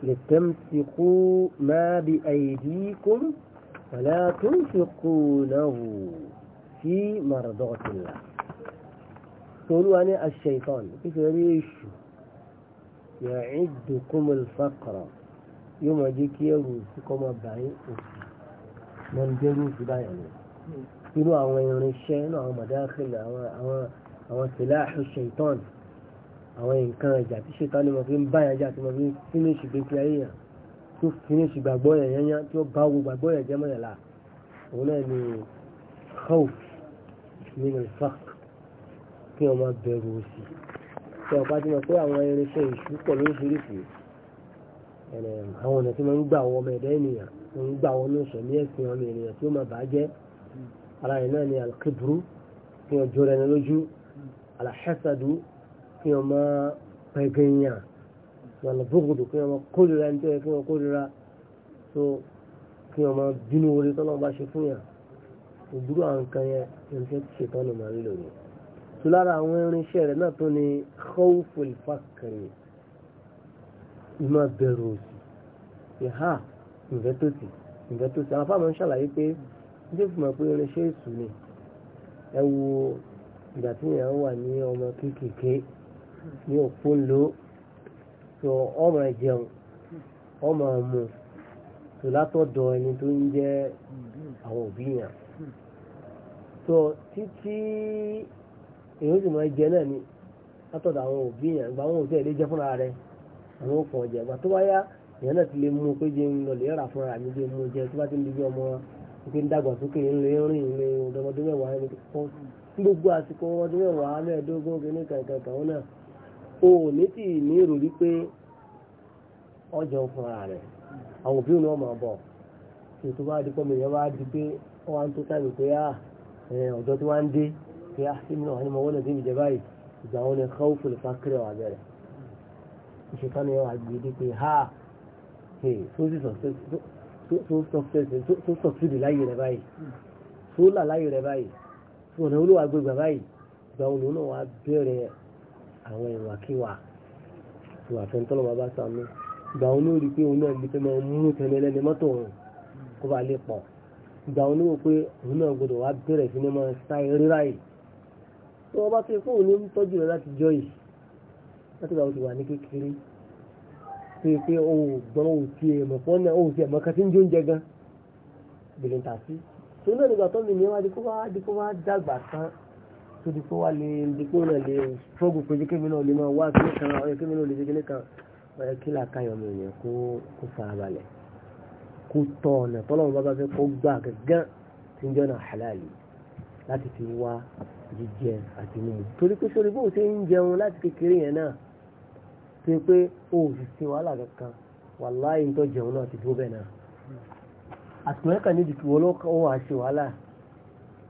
لتمسكوا ما بأيديكم فلا تنفقونه في مرضاة الله قولوا أنا الشيطان كيف يريش يعدكم الفقر yóò máa jẹ́ kí ẹ̀rù òsì kọ́ máa bà yín òsì mọ́ ní jẹ́rú òsì báyà lọ. inú àwọn irinṣẹ́ inú àwọn mọ̀dáàkìlì àwọn sìláàhù ṣaitan àwọn nǹkan ẹ̀jà tí ṣaitan ni mo fi ń báyà jà tí mo fi ń fínísì gbèsè ayé yàn tó fínísì gbàgbọ́ yẹn yẹn tí ó bá wo gbàgbọ́ yẹn jẹ́ mọ́ yẹn la òun náà ni khawf min al-faqr kí wọ́n máa bẹ̀rù òsì. tí ọ̀pá ti mọ̀ pé àwọn irinṣẹ́ ìṣú pọ̀ lóríṣiríṣi àwọn ọ̀nà tí wọ́n ń gbà wọ́n ọmọ ẹ̀dá ènìyàn wọ́n ń gbà wọ́n ní sọ̀mí ẹ̀sìn ọmọ ènìyàn tí ó máa bàá jẹ́ ara rẹ̀ náà ni alkibru kí wọ́n jọra ẹni lójú alahasadu kí wọ́n máa pẹ̀gẹ̀yàn wàlúbùgùdù kí wọ́n máa kórira ẹni tó yẹ kí wọ́n kórira tó kí wọ́n máa bínú orí tọ́lọ́ bá ṣe fún yàn òbúrò àwọn yẹn ẹni tó ti ṣètọ́ ìmọ̀ bẹ̀rù òsì ìhà ìrẹ́tòsì ìrẹ́tòsì àwọn afáàmọ́ ń ṣàlàyé pé jésù mọ̀ pé irinṣẹ́ ni ẹ wo ìgbà tí wà ọmọ ní tó ọmọ ọmọ tó látọ̀dọ̀ ẹni tó ń jẹ́ àwọn òbí yàn tó títí ni látọ̀dọ̀ àwọn òbí yàn àwọn òbí ẹ̀ lè àwọn òkàn ọjà ìgbà tó bá yá èèyàn náà ti lè mú pé jẹun lọlẹ̀ rà fúnra mi jẹun mú jẹ tó bá ti ń digbí ọmọ pé ń dàgbà sókè ń lè rìn ìrìn ọdọmọdún mẹ́wàá ẹni kọ́ gbogbo àsìkò ọdún mẹ́wàá mẹ́ẹ̀ẹ́dógún kìíní kankan náà o ní tì ní ìròrí pé ọjọ́ fúnra rẹ̀ àwọn òbí òun náà máa bọ̀ tí tó bá di pọ́nmi yẹn bá di pé ó wá ń tó táìmì pé á ah, ọ̀dọ́ tí wọ́n ń dé pé á ah, sí mi náà wọ́n ní mo wọ́n ìṣèkánu yẹn wà gbèdé pé ha tó sì sọ̀tìdì láyé rẹ̀ báyìí tó là láyé rẹ̀ báyìí tó ọ̀nà olówó agbègbè báyìí ìgbà wọn lòun náà wà bẹ̀rẹ̀ àwọn ìwàkiwà ìwà tó ń tọ́lọ̀ bàbá sànú ìgbà wọn ló rí pé òun náà gbèsè máa mú tẹ̀lé lẹ́ni mọ́tò òun kó bá lè pọ̀ ìgbà wọn ló wò pé òun náà gbọdọ̀ wà bẹ̀rẹ̀ sí ni máa sá eré ráyìí tó wọ́n bá fi fóònù tọ́jú rẹ̀ láti jọ yìí láti gbà òdìwà ní kékeré pé pé o gbọ́n o ti ẹ̀mọ̀ fún ọ́nà o ti ẹ̀mọ̀ kan tí ń jó oúnjẹ gan bèrè ń tó náà nígbà tó mi ní wá di kó wá di kó wá dàgbà tán tó di kó wá lè di kó náà lè fọ́gù pé kémi náà lè máa wá kíní kan ọ̀yẹ́ kémi náà lè ṣe kíní kan ọ̀yẹ́ kí làákàyọ̀ mi yẹn kó kó farabalẹ̀ kó tọ̀ ọ̀nà tọ́lọ́run bá bá fẹ́ kó gbà gángan tí ń jọ́nà láti kékeré yẹn náà ṣe pé o ò sì ṣe wàhálà kankan wàláhì tó jẹun náà ti dúró bẹ́ẹ̀ náà àtìmọ́lẹ́ kan níbi ìwọ ló kọ́ wàá ṣe wàhálà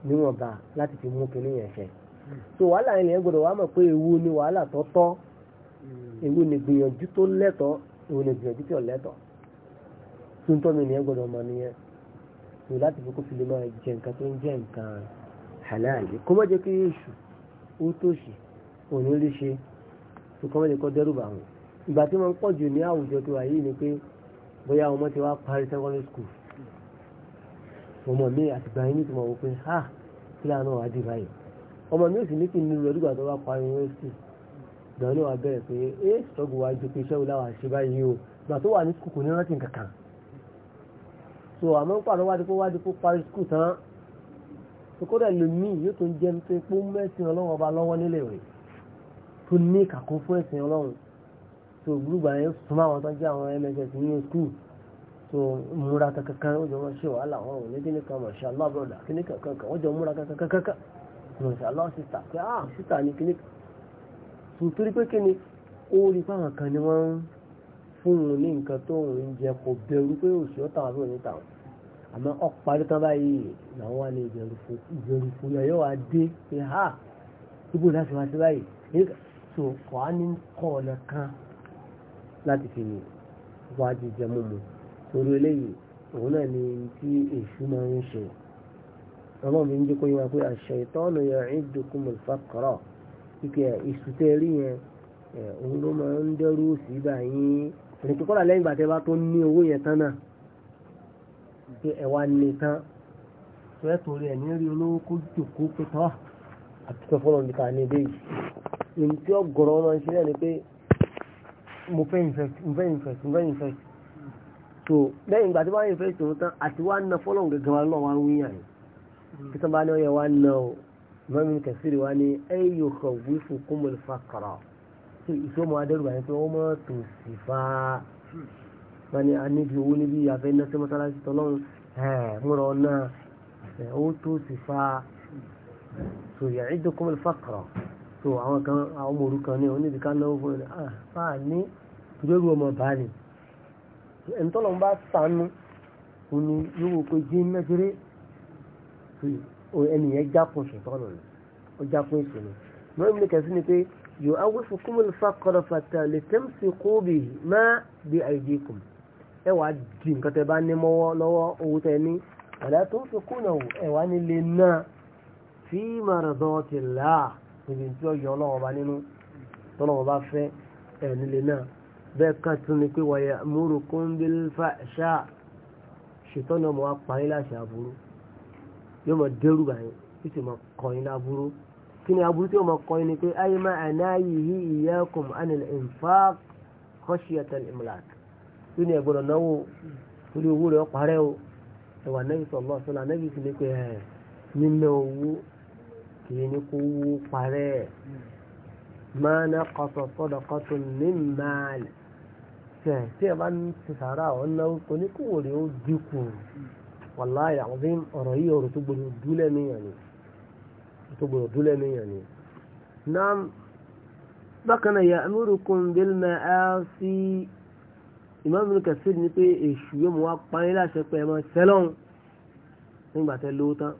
níwọ̀nba láti fi mú kinní yẹn ṣe so wàhálà yẹn lẹ́yìn gbọ́dọ̀ wàá mọ̀ pé ewu ni wàhálà tó tọ́ ewu ni gbìyànjú tó lẹ́tọ̀ọ́ ewu ni gbìyànjú tó lẹ́tọ̀ọ́ tó ń tọ́ mi nìyẹn gbọ́dọ̀ mọ̀ nìyẹn so láti fi kó fi máa jẹ nǹkan tó ń jẹ nǹkan halal kó má jẹ́ kí èṣù ó tòṣì òní lè ṣe tó kọ́ mọ́ jẹ́ kó dẹ́rù bà wọ́n ìgbà tí wọ́n pọ̀ jù ní àwùjọ tó wà yìí ni pé bóyá ọmọ ti wá parí secondary school ọmọ mi àtìgbà yìí ní ìtumọ̀ wò pé ha kí lànà wà á dì báyìí ọmọ mi ò sì ní kí n nílò ẹdúgbà tó bá parí university ìgbà náà wà bẹ̀rẹ̀ pé é sọ́gù wa ju pé iṣẹ́ wo láwà ṣe báyìí o ìgbà tó wà ní skul kò ní rántí kankan so àmọ́ ń pàdé wádìí pé wádìí pé parí skul tán tó kó dẹ̀ lómi yóò tó ń jẹ́ pé pó mẹ́sìn ọlọ́run ọba lọ́wọ́ nílé rẹ̀ tó ní ìkàkún fún ẹ̀sìn ọlọ́run so gbúgbà yẹn súnmọ́ àwọn tó jẹ́ àwọn mss ní skul so múra kankan ó jọ wọn ṣe wàhálà wọn ò ní kíní kan mọ̀ ṣe aláàbọ̀dà kíní kankan kan wọ́n jọ múra kankan kankan mọ̀ ṣe pé ah sísà ni kíní kan so torí pé kíni ó rí fáwọn kan ni wọ́n ń fún un ní nǹkan tó ń jẹ kò bẹ̀rù pé òṣìṣẹ́ tàwọn àbúrò níta wọn àmọ́ ọ̀parí kan báyìí làwọn wà ní ìbẹ̀rù fún yọ wá dé pé ha ah, ibùdó láti wá sí báyìí so kọ́ á ní kọ́ ọ̀nà kan láti fi wá jíjẹ mímu torí eléyìí òun náà ni tí èṣù máa ń ṣe ọlọ́run mi ń jẹ́ kó yẹ wá pé ash-shaytanu ya'idukum al-faqra kíkẹ́ èṣù tẹ́ rí yẹn òun ló máa ń dẹ́rù sí báyìí ẹni tó kọ́ra lẹ́yìn ìgbà tẹ́ bá tó ní owó yẹn tán náà pé ẹ̀wà ní tán tó ẹ̀ torí ẹ̀ ní rí olówó kó jòkó pé àti sọ nípa ní ilé yìí èyí ọ̀gọ̀rọ̀ ọmọ mo fẹ́ invest mo fẹ́ invest mo fẹ́ invest so lẹ́yìn ìgbà tí wọ́n á invest òun tán àti wọ́n á na fọ́lọ́n gẹ̀gẹ̀ wọn lọ́wọ́ wọn wíyàn ni kí tó bá ní ọyẹ wọn na o mọ́mí kẹsìrì wa ni ẹ yóò kọ̀ wí fún kúmọ̀lì fa kọ̀rọ̀ so ìṣòwò adẹ́rùbà yẹn pé wọ́n mọ̀ tó sì fa wọn ni a owó níbi àfẹ́ iná sí mọ́sálásí tọ́lọ́run ẹ̀ múra so àwọn kan àwọn ọmọ òrukàn ní oníbi ká náwó fún ẹ̀ àà ah, ní ìjọ́rú ọmọ bàálì ẹni tọ́lọ̀ ń bá sànú òun ni yóò pé jí mẹ́jẹrẹ́ ẹni yẹn jápọ̀ ṣètọ́nù ni ó jápọ̀ èso ni mọ́rin mi kẹ́sí ni pé yóò awúsù kúmùlù fàkọ̀rọ̀ fàtà lè tẹ́mùsì kó bì má bí àìdí kù ẹ wàá di fi kúnà láà níbi tí ó yọ ọlọ́wọ́ bá nínú tọ́lọ́wọ́ bá fẹ́ ẹ̀ nílé náà bẹ́ẹ̀ kan tún ni pé wọ̀nyẹ múrukún bil fahsha ṣètọ́nà ọmọ wa parí láṣẹ aburú yóò mọ dẹ́rù báyìí yóò sì mọ kọyìn láburú kí ni aburú tí yóò mọ kọyìn ni pé ayé máa torí owó rẹ̀ ọ̀parẹ́ kì í ní kó wó parẹ́ máa ná kọsọ̀ sọ́dọ̀kọ́tò ní máàlì tẹ̀ tí ẹ bá ń ti sàárà ọ̀nà oníkùwò rẹ̀ ó dínkù wàláhì àwọ̀dé ọ̀rọ̀ yìí ọ̀rọ̀ tó gbọdọ̀ dúlẹ̀ níyàn ni tó gbọdọ̀ dúlẹ̀ níyàn ni. náà bákan náà ya'murukum bil ma'asi Imam Ibn Kathir ní pé èṣù yóò mú wa parí láṣẹ pé ẹ máa sẹ́lọ̀n nígbà tẹ lóòótán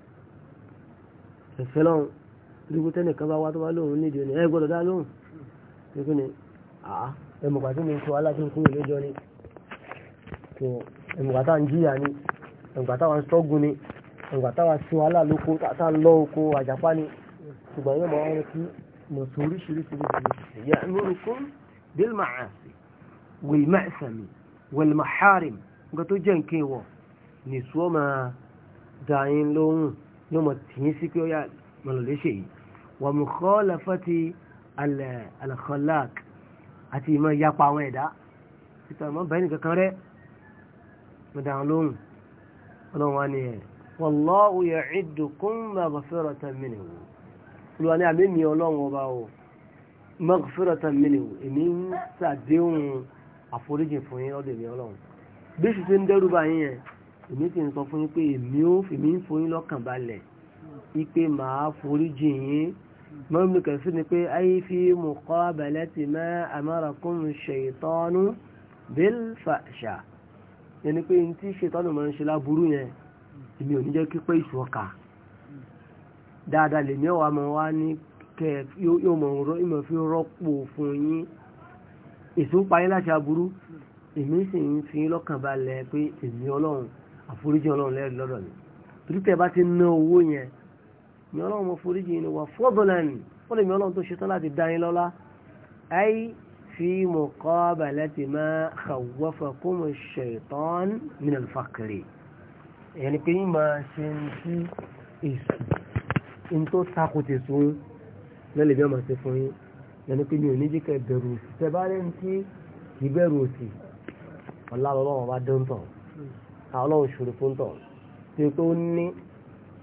ẹ sẹ́lọ̀n lóko tẹ́nì kan bá wá tó bá lóun nídìí ni ẹ gbọ́dọ̀ dá lóhùn pípín ni ẹmùgbà tí mo sọ aláṣẹ́kún ìlẹ́jọ́ ni ẹmùgbà táwọn jíyà ni ẹmùgbà táwọn sọ́gun ni ẹmùgbà táwọn sí wàhálà lóko táwọn lọ oko àjàpá ni ṣùgbọ́n yóò máa wọ́n kí mo sọ oríṣiríṣi oríṣiríṣi yà lórúkún bil ma'asi wal ma'sami wal maharim nǹkan tó jẹ́ nǹkan ìwọ̀ nìṣó máa dà yín lóhùn yóò máa tì sí pé ó yà mọ̀lọ́lẹ́ṣẹ̀ yìí wa mukhalafati al-khalaq àti ìmọ̀ ìyapa àwọn ẹ̀dá títà ìmọ̀ bẹ́ẹ̀ nìkan kan rẹ̀ mọ̀dà àwọn lóhùn ọlọ́run wa ni ẹ̀ wallahu ya'idukum maghfiratan minhu olùwà ní àmì mi ọlọ́run ọba o maghfiratan minhu èmi ń sàdéhùn àforíjì ti ń sọ fún yín pé èmi ó fi mí fún yín lọ́kàn balẹ̀ ipe màá foríjì yín mọ́mí kẹsí ni pé ayé fi muqabalati ma amarakum ṣètọ́nù bilfasha yẹn ni pé n tí ṣètọ́nù máa ń ṣe láburú yẹn èmi ò ní jẹ́ kí pé ìṣọ́ka dáadáa lèmi ọ̀wà máa wá ní kẹ yóò mọ̀ ọ̀rọ̀ ìmọ̀ fi rọ́pò fún yín èso láti aburú èmi sì ń fi lọ́kàn balẹ̀ pé èmi ọlọ́run àforíjì ọlọ́run lẹ́rìí lọ́dọ̀ mi torí tẹ́ bá ti ná owó yẹn mi ọlọ́run mo foríjì ni wà fọ́dọ̀lẹ́nì wọ́n lè mi ọlọ́run tó ṣetán láti dá yín lọ́lá ayé fi muqabalati ma khawwafakum ash-shaytan min al-faqri ẹ̀yẹn ni pé yín máa ṣe ń sí èsù ní tó takò tè sún lẹ́lẹ̀ bí wọ́n máa fún yín ẹni pé mi ò ní jẹ́ kẹ́ bẹ̀rù òsì tẹ́ bá rẹ̀ ń tí kì í bẹ̀rù òsì ọ̀la ọlọ́run bá dé àwọn ọlọ́run ṣòro fún tọ̀ tí ó ní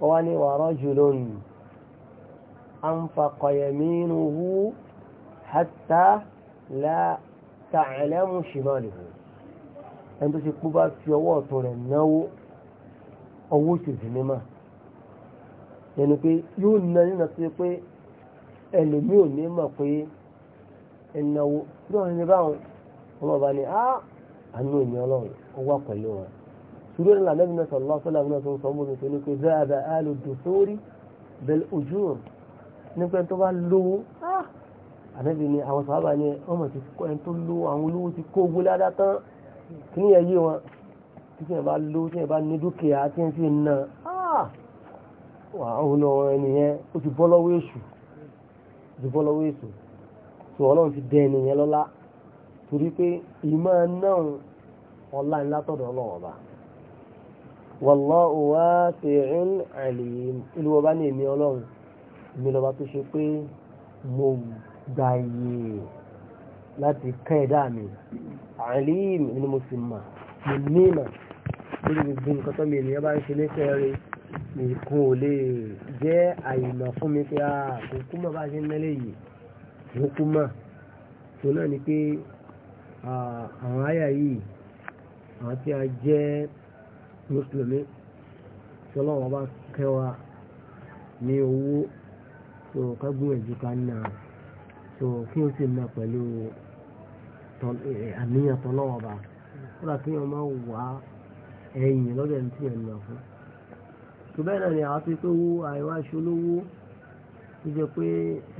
wọ́n ní wa rajulun anfaqa yaminuhu hatta la ta'lamu shimaluhu ẹni tó ṣe kú bá fi ọwọ́ ọ̀tún rẹ̀ náwó ọwọ́ òṣèlú mímọ́ ẹni pé yóò na nínú sí pé ẹlòmí ò ní mọ̀ pé ẹnáwó bí wọ́n ṣe báwọn ọmọ ọba ni á àánú ìní ọlọ́run ó pẹ̀lú wọn turu ní alẹ́ bínú sọ̀rọ̀ lọ́wọ́ sọ́lá bínú sọ̀rọ̀ sọ́mọ́ bínú sọ̀rọ̀ pé bẹ́ẹ̀ bẹ́ẹ̀ alu dùsórí bẹ́ẹ̀ ojú nípa tó bá lówó ah! ànábì ni àwọn sàábà ni ọmọ ti kọ́ ẹni tó lówó àwọn olówó ti kó ogun ládá tán kí ni ẹ̀yẹ wọn tí kìí bá lówó tí kìí bá ní dúkìá tí ń fi nà ah! wà á wọlé ọ̀rọ̀ ẹnìyẹn ó ti bọ́ lọ́wọ́ èṣù ti bọ́ lọ́wọ́ èṣù tó ọlọ́run ti dẹ ẹnìyẹn lọ́lá torí pé ìmọ̀ náà ọlá ńlá tọ̀dọ̀ ọlọ́wọ́ bá wallahu wasi'un alim ìlú ọba ní èmi ọlọ́run èmi lọ́ba tó ṣe pé mo gbàyè láti kẹ́ ẹ̀dá mi alim ni mo sì mà mo ní mà lórí gbogbo nǹkan tó mi ènìyàn bá ń ṣe nífẹ̀ẹ́ rẹ̀ nìkan ò lè jẹ́ àyìnbá fún mi pé àkókò mọ̀ bá ṣe ń mẹ́lẹ̀ yìí òkú mọ̀ tó náà ni pé àwọn àyà yìí àwọn tí mùsùlùmí tí ọlọ́wọ́ bá kẹwàá ní owó tó kágbóyèjú ká nà tó kí o sì nà pẹ̀lú àníyàn tọ́lọ́wọ́ bá kódà kí wọ́n máa wà ẹ̀yìn lọ́dọ̀ ẹni tí yẹn nà fún. tó náà ni àwọn tó owó àìwá ìṣolówó tó jẹ pé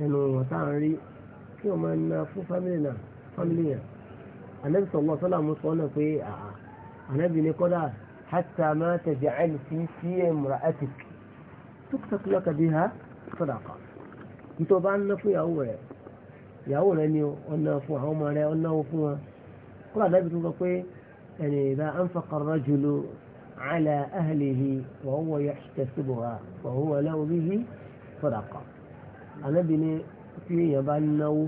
ẹnu wọn tá à ń rí kí wọ́n máa na fún fámìlì náà fámìlì yẹn. ànẹ́bí sọ̀rọ̀ sọ́là mú sọ pé ànẹ́bí ni kódà حتى ما تجعل في في امرأتك تكتق لك بها صدقة ìtọba ń ná fún ìyàwó rẹ̀ ìyàwó rẹ̀ ni ọ̀nà fún àwọn ọmọ rẹ̀ ọ̀nà fún wọn kúrò àdábì tó sọ pé ẹni ìdá ànfàkàrọ̀ jùlọ àlà ahìlèhi wọ́n wọ ya tẹ̀síbò ha wọ́n wọ lẹ́wọ́ bíbí sọ̀dàkọ̀ ànábì ni tí èèyàn bá náwó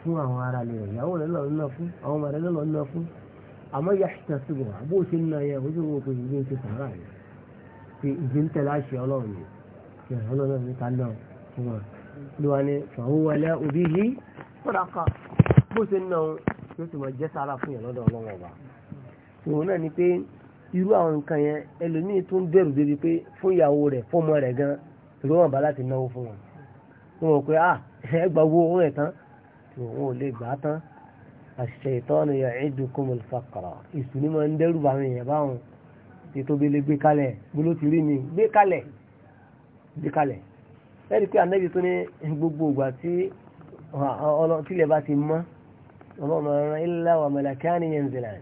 fún àwọn ará rẹ̀ ìyàwó rẹ̀ lọ́ọ́ ná fún àwọn ọmọ rẹ̀ lọ́ọ́ ná fún àmọ́ yà ṣàṣùgbọ̀ àbó ṣe ń na yẹ ojú wo pé ìdí ṣe sàárà yẹ pé ìdí ń tẹ̀lé àṣẹ ọlọ́run yìí ṣe ọlọ́run ní ká náà fún wọn ló wà ní fàwọn wẹlẹ òbí yìí kódà ká bó ṣe ń na òun yóò sì mọ jẹ́ ni pé irú àwọn nǹkan yẹn ẹlòmíì tó ń dẹrù débi pé fún ìyàwó gan ìró wọn bá láti náwó fún wọn wọn rò ah ẹgbàá owó owó ẹ̀ tán wọn ò lè gbà tán ash-shaytanu ya'idukum al-faqra ìsù ní máa ń dẹ́rù bá àwọn èèyàn báwọn ètò ìbílẹ̀ gbé kalẹ̀ gbóló ti rí mi gbé kalẹ̀ gbé kalẹ̀ lẹ́yìn pé anábì tó ní gbogbo ìgbà tí tílẹ̀ bá ti mọ́ ọlọ́run ọ̀ràn illa wa malakani yanzilan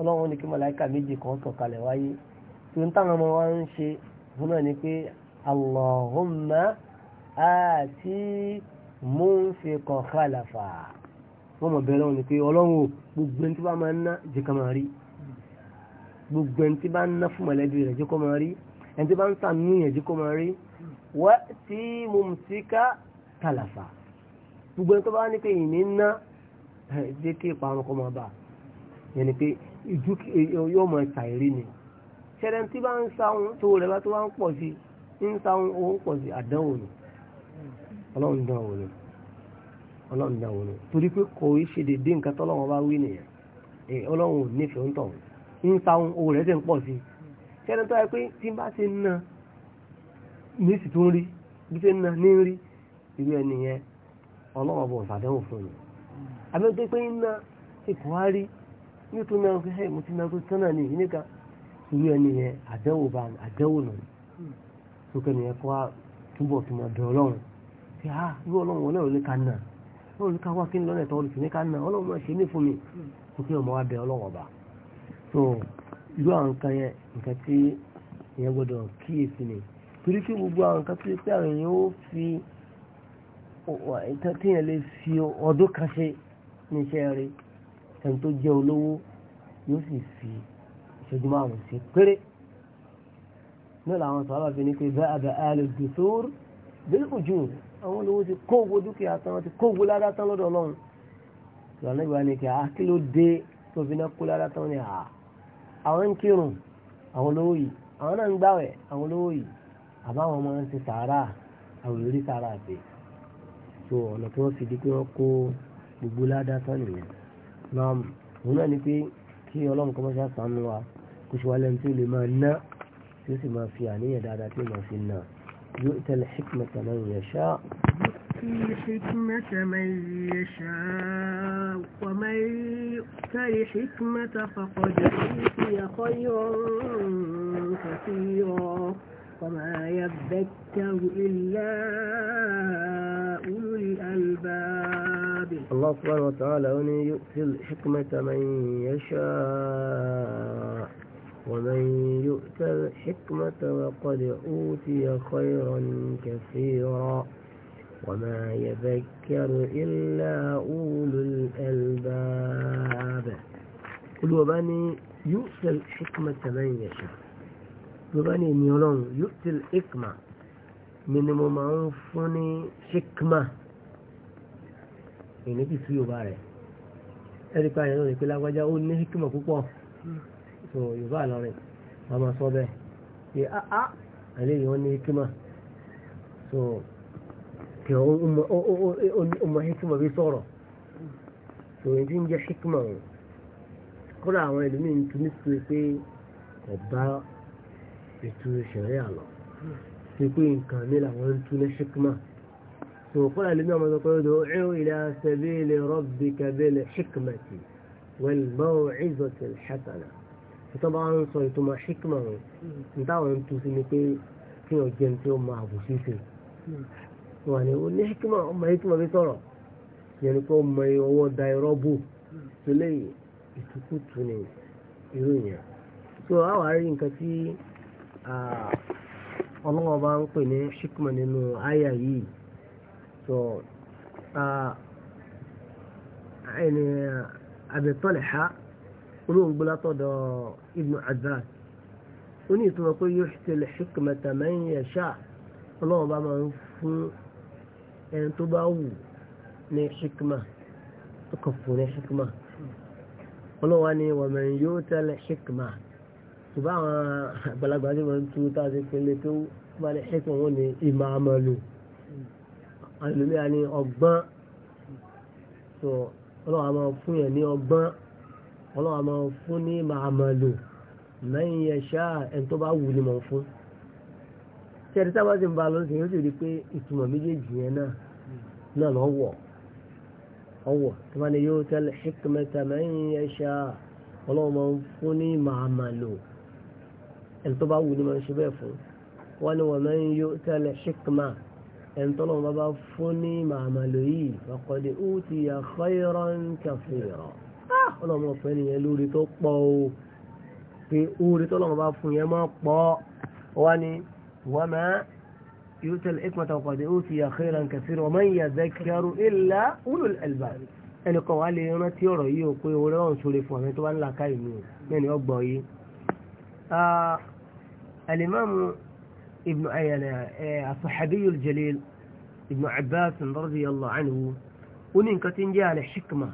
ọlọ́run ní kí màláìka méjì kan sọ̀kalẹ̀ wáyé tó ń táwọn ọmọ wa ń ṣe fún náà ni pé Allahumma àti munfiqan khalafa wọ́n mọ̀ bẹ̀rẹ̀ wọn ni pé ọlọ́run o gbogbo ẹni tí bá máa ń ná jẹ́ ká máa rí gbogbo ẹni tí bá ń ná fún mọ̀lẹ́bí rẹ̀ jẹ́ kó máa rí ẹni tí bá ń sàánú yẹn jẹ́ kó máa rí wá tí mo mú sí ká tàlàfà gbogbo ẹni tó bá ní pé ìní ná jẹ́ kí ìparun kó máa bà yẹn ni pé ìjú yóò mọ̀ ẹ̀ta ìrí ni ṣẹlẹ̀ tí bá ń sáhun tó rẹ̀ bá tó bá ń pọ̀ sí ń sáhun ó pọ̀ sí àdánwò ni ọlọ́run dánwò ni. ọlọ́run náà wọnú torí pé kò í ṣe dédé nǹkan tọ́lọ́wọ́n bá wí e ẹ ọlọ́run ò nífẹ̀ẹ́ ń tọ̀hún ń sa ohun owó rẹ̀ sì ń pọ̀ sí i ṣẹ́ni tó yẹ pé tí bá na ní sì rí bí ṣe ń na ní rí ẹni yẹn ọlọ́run fún mi àbẹ́ tó pé ń na á rí ní tó na tó tán wọn ní ká wá kí n lọ́nà ìtọ́wọ́ lùsùn ní ká nà ọlọ́run máa ṣe mí fún mi kò kí ọmọ wa bẹ ọlọ́wọ́ ọba so irú àwọn nǹkan yẹn nǹkan tí èèyàn gbọdọ̀ kíyèsí ni torí kí gbogbo àwọn nǹkan tó pé àwọn èèyàn ó fi ìtàn téèyàn lè fi ọdún kan ṣe ní iṣẹ́ rẹ̀ ẹni tó jẹ́ olówó yóò sì fi ìṣẹ́jú márùn-ún ṣe péré náà làwọn sọ̀rọ̀ àbẹ̀ ní pé bẹ́ẹ̀ àbẹ̀ àlè gbèsòrò bẹ́ẹ̀ àwọn olówó ti kó owó dúkìá tán wọn ti kó owó ládá tán lọ́dọ̀ ọlọ́run ìlànà ìwà ni kí á ah, kí ló dé tó fi náà kó ládá tán ni à ah, àwọn ń kírun àwọn olówó yìí àwọn náà ń gbàwẹ̀ àwọn olówó yìí àbáwọn ọmọ ń sàárà àwọn ìrírí sàárà àti so ọ̀nà tí wọ́n fi di pé wọ́n kó gbogbo ládá tán nìyẹn náà òun náà ni pé kí ọlọ́run kọ́ mọ́ṣá sànú wa kó ṣe wá lẹ́nu tí ó lè máa ná tí ó sì máa fi àníyàn dáadáa tí ó máa fi náà يؤتى الحكمة من يشاء يؤتي الحكمة من يشاء ومن يؤت الحكمة فقد أوتي خيرا كثيرا وما يذكر إلا أولو الألباب الله سبحانه وتعالى يؤتي الحكمة من يشاء ومن يؤت الحكمة وقد أوتي خيرا كثيرا وما يذكر إلا أولو الألباب قل وباني يؤت الحكمة من يشاء وباني نيولون يؤت الحكمة من ممعوفني حكمة ìní bí sí yorùbá rẹ̀ ẹ̀rí pa ìrìn òní pé so yorùbá lọrin wọn máa sọ bẹ́ẹ̀ pé áá ah, àlẹ́ ah, yìí wọ́n ní hikima so kí ọmọ hikima bí sọ̀rọ̀ so èyí ń jẹ́ hikima o kódà àwọn ẹlòmíì ń tún nítorí pé ọba ètò ìṣẹ̀rẹ́ àlọ́ ti pé nǹkan ní làwọn ń tún ní hikima so kódà ẹlòmíì àwọn ọmọ ọmọ ọmọ ila sabili rabbika bil hikmati wal maw'izati al hasana. tó bá ń sọ ìtumọ̀ ṣíkìmọ rẹ nítawọn hmm. ń tu sí ni pé kí wọn jẹun tí ó máa bù dairobu wọn ni ó ní ṣíkìmọ ọmọ sọ̀rọ̀ yẹn ni pé ọmọ ọwọ́ da irọ́ bù tó hmm. ìtukùtù irú yẹn so àwọn àárín nǹkan tí ọlọ́wọ́ bá ń pè ní ṣíkìmọ̀ nínú àyà yìí so ẹni Abi Talha. olóhùn gbọ́lá tọ̀dọ̀ ibn abbas ó ní ìtumọ̀ pé yóò ṣe lè hikmata man yasha ọlọ́run bá máa ń fún ẹni tó bá wù ní hikma tó kàn fún ní hikma ọlọ́run wá ní waman yuta al-hikma tó bá àwọn àgbàlagbà tí wọ́n tú tá a ti pele tó bá ní hikma wọn ní ìmọ̀ àmọ́ lò àlùmíà ní ọgbọ́n tó ọlọ́run á máa fún yẹn ní ọgbọ́n ọlọ́wà máa ń fún ní màá máa lò lẹ́yìn ẹ̀ṣá ẹni tó bá wù ni màá fún tẹ́lẹ̀ táwọn ti ń ba lọ sí yóò sì rí i pé ìtumọ̀ méjèèjì yẹn náà náà lọ́ wọ̀ ọwọ̀ tí wọ́n ní yóò tẹ́lẹ̀ ṣíkìmẹ́ta lẹ́yìn ẹ̀ṣá ọlọ́wà máa fún ní màá máa tó bá wù ni màá ṣe bẹ́ẹ̀ fún wọ́n ní wọ́n lẹ́yìn yóò tẹ́lẹ̀ ṣíkìmẹ́ ẹni tó lọ́wọ́ bá fún ní màá yìí ọlọ́mọ ọ̀fẹ́ nìyẹn lórí tó pọ̀ o pé oore tó lọ́mọ bá fún yẹn máa pọ̀ wá ní wọ́n máa yóò tẹ̀lé ẹ̀kọ́ta ọ̀pàdé ó ti khairan kathira wa man yadhakkaru illa ulul albab ẹnì kan wàá lè rántí ọ̀rọ̀ yìí o pé oore ọ̀hún sóre fún ọ̀rẹ́ tó bá ń la káyì mi o ọgbọ̀ yìí. alimami ibn ayana asahabiyul jalil ibn abbas radiyallahu anhu ó ní nǹkan ń jẹ́ al-hikma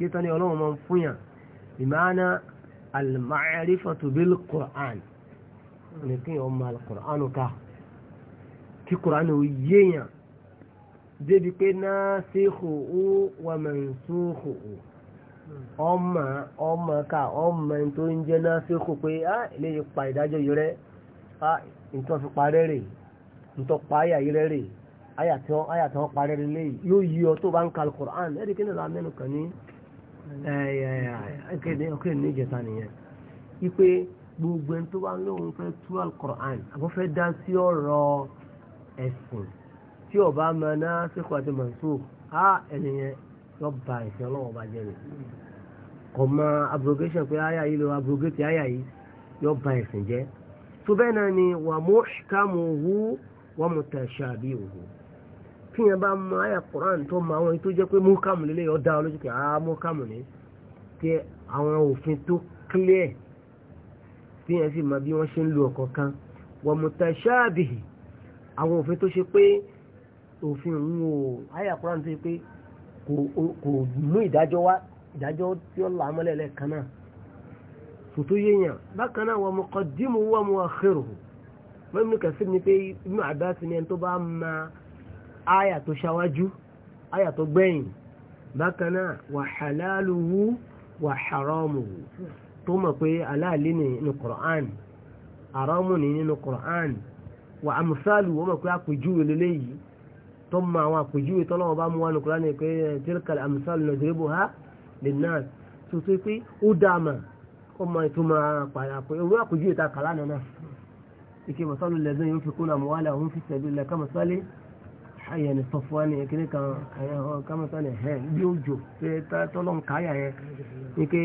nítorí ní ọlọ́run máa ń fún yàn ìmáàna al-ma'rifatu bil Qur'an ní kí yàn ọmọ al-Qur'an ká kí Qur'an ò yéèyàn débi pé nasikhu wa mansukhu ọmọ ọmọ ká ọmọ tó ń jẹ́ nasikhu pé á ilé yìí ìdájọ́ yìí rẹ́ á nǹkan fi parẹ́ rè nǹkan pa ayà yìí rẹ́ rè ayà tí wọ́n parẹ́ rè léyìí yóò yí ọ tó bá ń ka al-Qur'an ẹ̀ẹ́dẹ̀ẹ́kẹ́ ní ìjẹta nìyẹn gbogbo ẹni tó wá lóun fẹ́ tú alukoran àbọ̀ dá sí ọ̀rọ̀ ẹ̀sìn tí ọba máa ná àti mọ̀nsó á ẹnìyẹn yọ ba ìfẹ́ ọlọ́wọ́ bá jẹ́ mi kò abrogation pé àyà yìí lọ abrogate àyà yìí yọ ba ẹ̀sìn jẹ́ tó bẹ́ẹ̀ náà ni wàmú kàmú wú wàmú tí yẹn bá mọ àyà Quran tó mọ àwọn tó jẹ́ pé mọ́kàmù lélẹ̀ yọ dá olójú pé àá mọ́kàmù ní pé àwọn òfin tó clear tí yẹn sì mọ bí wọ́n ṣe ń lo ọ̀kọ̀ọ̀kan wa mutashabihi àwọn òfin tó ṣe pé òfin òun o àyà Quran tó ṣe pé kò mú ìdájọ́ wá ìdájọ́ tí ó là á mọ́lẹ̀ lẹ́ẹ̀kan náà kò yéèyàn bákan náà wa muqaddimuhu wa mu'akhiruhu mọ́ ibùdókà sí ni pé ibùdókà sí ni ẹni tó bá máa áyà tó ṣáwájú áyà tó gbẹ̀yìn bákan náà wà halaluhu wà haramuhu tó mọ̀ pé aláàlí ni nínú Qur'an haramu ni nínú Qur'an wà amúsálù wọ́n mọ̀ pé àpèjúwe lélẹ́yìí tó mọ àwọn àpèjúwe tọ́lọ́wọ́ bá mú wá ní Qur'an ni pé tilkal amúsálù nadribuha linnas tó tó pé ó dáa mà ọmọ ìtumọ̀ àpèjúwe ta kàlánà náà ike masalu lẹ́dún yóò fi kún àmúwálà òun fi sẹ́bí lẹ́ka masálẹ̀ àyẹ̀ ní sọfúnni kíní kan àyẹ̀họ́ kámẹ́sán ní ni bí ó jò pé tọ́lọ́ ń káyà yẹn ní pé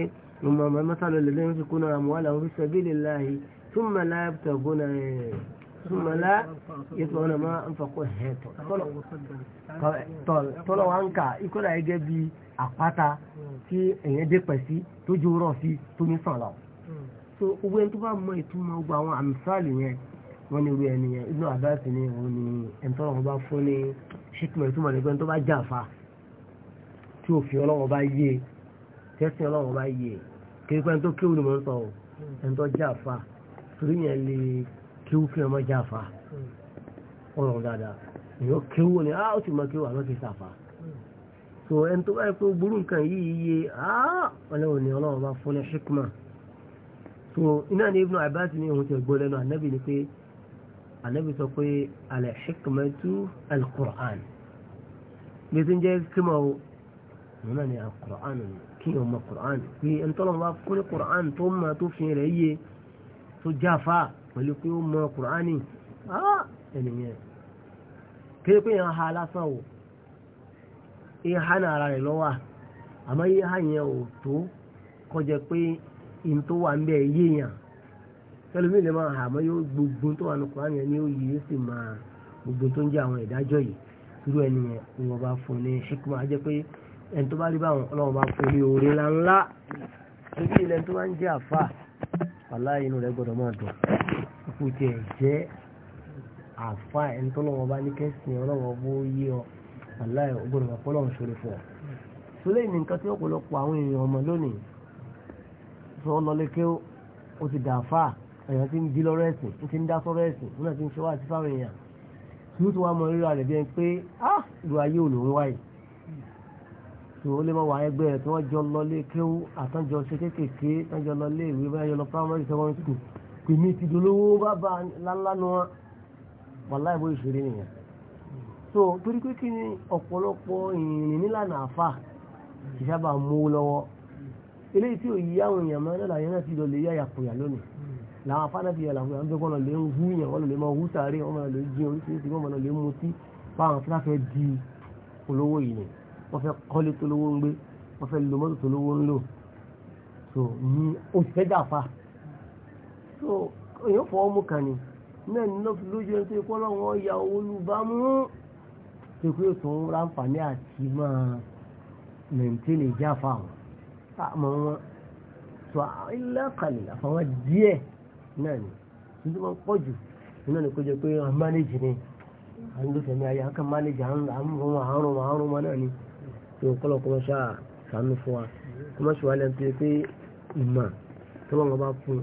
ìmọ̀mọ́ mẹ́sàn-án lè lè ń fi kúnra àmọ́ àlàó fi ṣẹ́bí lè láàyè túmọ̀ láyé tẹ̀gbọ́n náà ثم لا يطلعون ما أنفقوا هيك tọ́lọ̀ wá ń kà ikọ́lá ẹgẹ́ bí àpáta tí èèyàn dé tó jó rọ̀ sí tó ní sàn lọ. so owó ẹni tó bá mọ ìtumọ̀ gbogbo àwọn àmì yẹn wọ́n ní irú ẹni yẹn inú àbáàsì ni òun ni ẹni tọ́lọ́ wọn bá fún ní ṣíkìmọ̀ ìtumọ̀ ní pé tó bá jàfa tí òfin ọlọ́wọ́ bá yé tẹ́sìn ọlọ́wọ́ bá yé kí pé ẹni tó kéwù ni mò ń sọ ọ́ ẹni tó jàfa torí yẹn lè kéwù kí ọmọ jàfa ọ̀rọ̀ dáadáa èèyàn kéwù ni á ah, ó sì mọ kéwù àlọ́ sàfà so ẹni tó bá yẹ pé burú nǹkan yìí yé á ah, ọlọ́wọ́ ni ọlọ́wọ́ bá ànábì sọ pé al-hikmatu al-Qur'an bí tí ń jẹ́ kíkímọ̀ o òun náà ni al-Qur'an kí ni ọmọ Qur'an pé ẹni tọ́lọ́ wa kó ní Qur'an tó mọ tó fi rẹ̀ yé tó jáfa pẹ̀lú pé ó mọ Qur'an ni ẹnìyẹn kí pé yẹn ha lásán o ìhà náà ara rẹ̀ lọ́wọ́ àmọ́ ìhà yẹn ò tó kọjá pé ìntòwà ń bẹ̀ yéèyàn tẹlifí lè máa hà mọ́ yóò gbogbo tó wà ní Kùránì yẹn ni ó yẹ sì máa gbogbo tó ń jẹ́ àwọn ìdájọ́ yìí irú ẹni yẹn ni wọ́n bá fún ní ṣíkúmọ́ ajẹ́ pé ẹni tó bá rí báwọn ọlọ́run bá fún ní oore ńláńlá torí ilẹ̀ tó bá ń jẹ́ àfà wàlá inú rẹ̀ gbọ́dọ̀ máa dùn kò tiẹ̀ jẹ́ àfà ẹni tó lọ́wọ́ bá ní kẹ́sìn ọlọ́wọ́ bó yé ọ wàlá ọgbọ́dọ̀ máa pọ́lọ́run ṣòro fún ọ. sólẹ́ ní nǹkan tí ọ̀pọ̀lọpọ̀ àwọn èèyàn ọmọ lónìí sọ lọ́lẹ́kẹ́ ó ti dà àfà èèyàn ti ń di lọ́rọ̀ ẹ̀sìn ó ti ń dá sọ́rọ̀ ẹ̀sìn ó náà ti ń ṣe wá àti fáwọn èèyàn tí ó ti wá mọ rírà rẹ̀ bí ẹni pé á ah, ìlú ayé ò lòún wáyé tó ó lè mọ wà ẹgbẹ́ rẹ̀ tí wọ́n jọ lọ lé kéwú àtọ́jọ ṣe kéékèèké tọ́jọ lọ lé ìwé báyọ̀ lọ primary secondary school pè mí ti dolówó bàbá lálánú wọn wàlá ìbò ìṣeré nìyẹn so torí pé kí ni ọ̀pọ̀lọpọ̀ ìrìn nílànà àfà ìṣàbà mú lọ́wọ́ eléyìí tí ò yí àwọn èèyàn mọ́ náà làyẹn náà ti lọ lè yá yàpòyà lónìí làwọn afánàbíyà làwọn àwọn gbẹ́gbọ́n lè ń hú yàn wọ́n lè máa hú sáré wọ́n máa lè jí oríṣiríṣi wọ́n máa lè mú tí báwọn fúnra fẹ́ di olówó yìí ni wọ́n fẹ́ kọ́lé tó lówó ń gbé wọ́n fẹ́ lo mọ́tò tó lówó ń lò so ní oṣù fẹ́ dàfa so èèyàn fọwọ́ mú kan ni náà ní lọ́fi lójú ẹni tó kọ́ lọ́wọ́ ya owó lù bá mú ṣe pé ètò ń ra àǹfààní àti máa mẹ̀ntẹ́lẹ̀ jáfa àwọn àmọ́ wọn so ilé kàlẹ̀ àfọwọ́ díẹ̀ náà ni títí máa ń pọ̀ jù nínú ni kó jẹ pé à ń ni à ń lóṣẹ̀ ní ayé à ń kà mánéjì à wọn náà ni tó kọ́lọ̀ kọ́ ṣáà sànú fún wa kó má ṣe wà lẹ́nu tó yẹ pé ìmọ̀ tó lọ́wọ́ bá fún